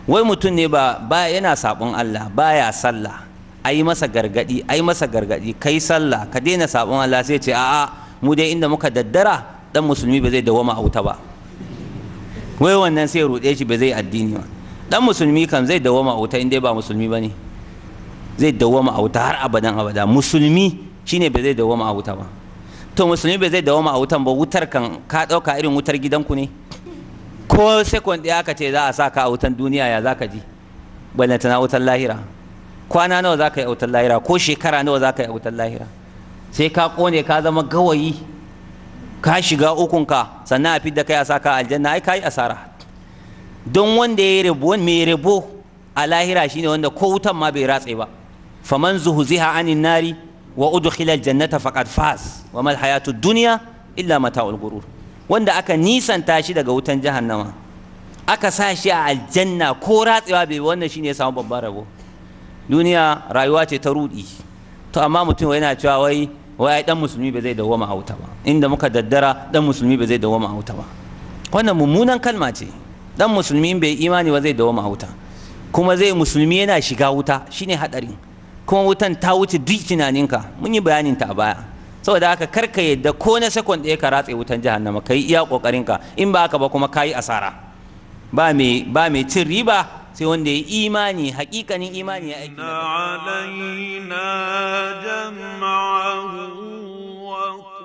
wai mutum ne ba ba yana sabon Allah baya sallah ai masa gargadi ai masa gargadi kai sallah ka daina sabon Allah sai ce a'a mu dai inda muka daddara dan musulmi ba zai dawama a auta ba wai wannan sai ruɗe shi ba zai addini ba dan musulmi kam zai dawo ma auta in dai ba musulmi bane zai dawo ma auta har abadan abada musulmi shine ba zai dawama a auta ba to musulmi ba zai dawama a wutan ba wutar kan ka dauka irin wutar gidanku ne ko sekon ɗaya aka ce za a sa ka a wutan duniya ya za ka ji ballantana wutan lahira kwana nawa za ka yi autar lahira ko shekara nawa za ka yi autar lahira sai ka kone ka zama gawayi ka shiga ukunka sannan a fidda kai a saka aljanna ai ka yi asara don wanda ya rabo mai rabo a lahira shine wanda ko wutan ma bai ratse ba faman zuhuziha anin nari wa udkhila aljannata faqad faz wa mal hayatu dunya illa mata'ul gurur wanda aka nisanta shi daga wutan jahannama aka sa shi a aljanna ko ratsewa bai wannan shine ya samu babban rabo duniya rayuwa ce ta ruɗi to amma mutum yana cewa wai wai dan musulmi ba zai dawoma wama hauta ba inda muka daddara dan musulmi ba zai dawoma wama hauta ba wannan mummunan kalma ce dan musulmi bai imani ba zai dawoma a hauta. kuma zai musulmi yana shiga wuta shine hadarin kuma wutan ta wuce duk tunaninka mun yi bayanin ta a baya saboda haka kar ka yadda ko na sakon ɗaya ka ratse wutan jahannama ka yi iya kokarin ka in ba haka ba kuma ka asara ba mai ba mai cin riba sai wanda ya imani hakikanin imani ya aiki na alaina wa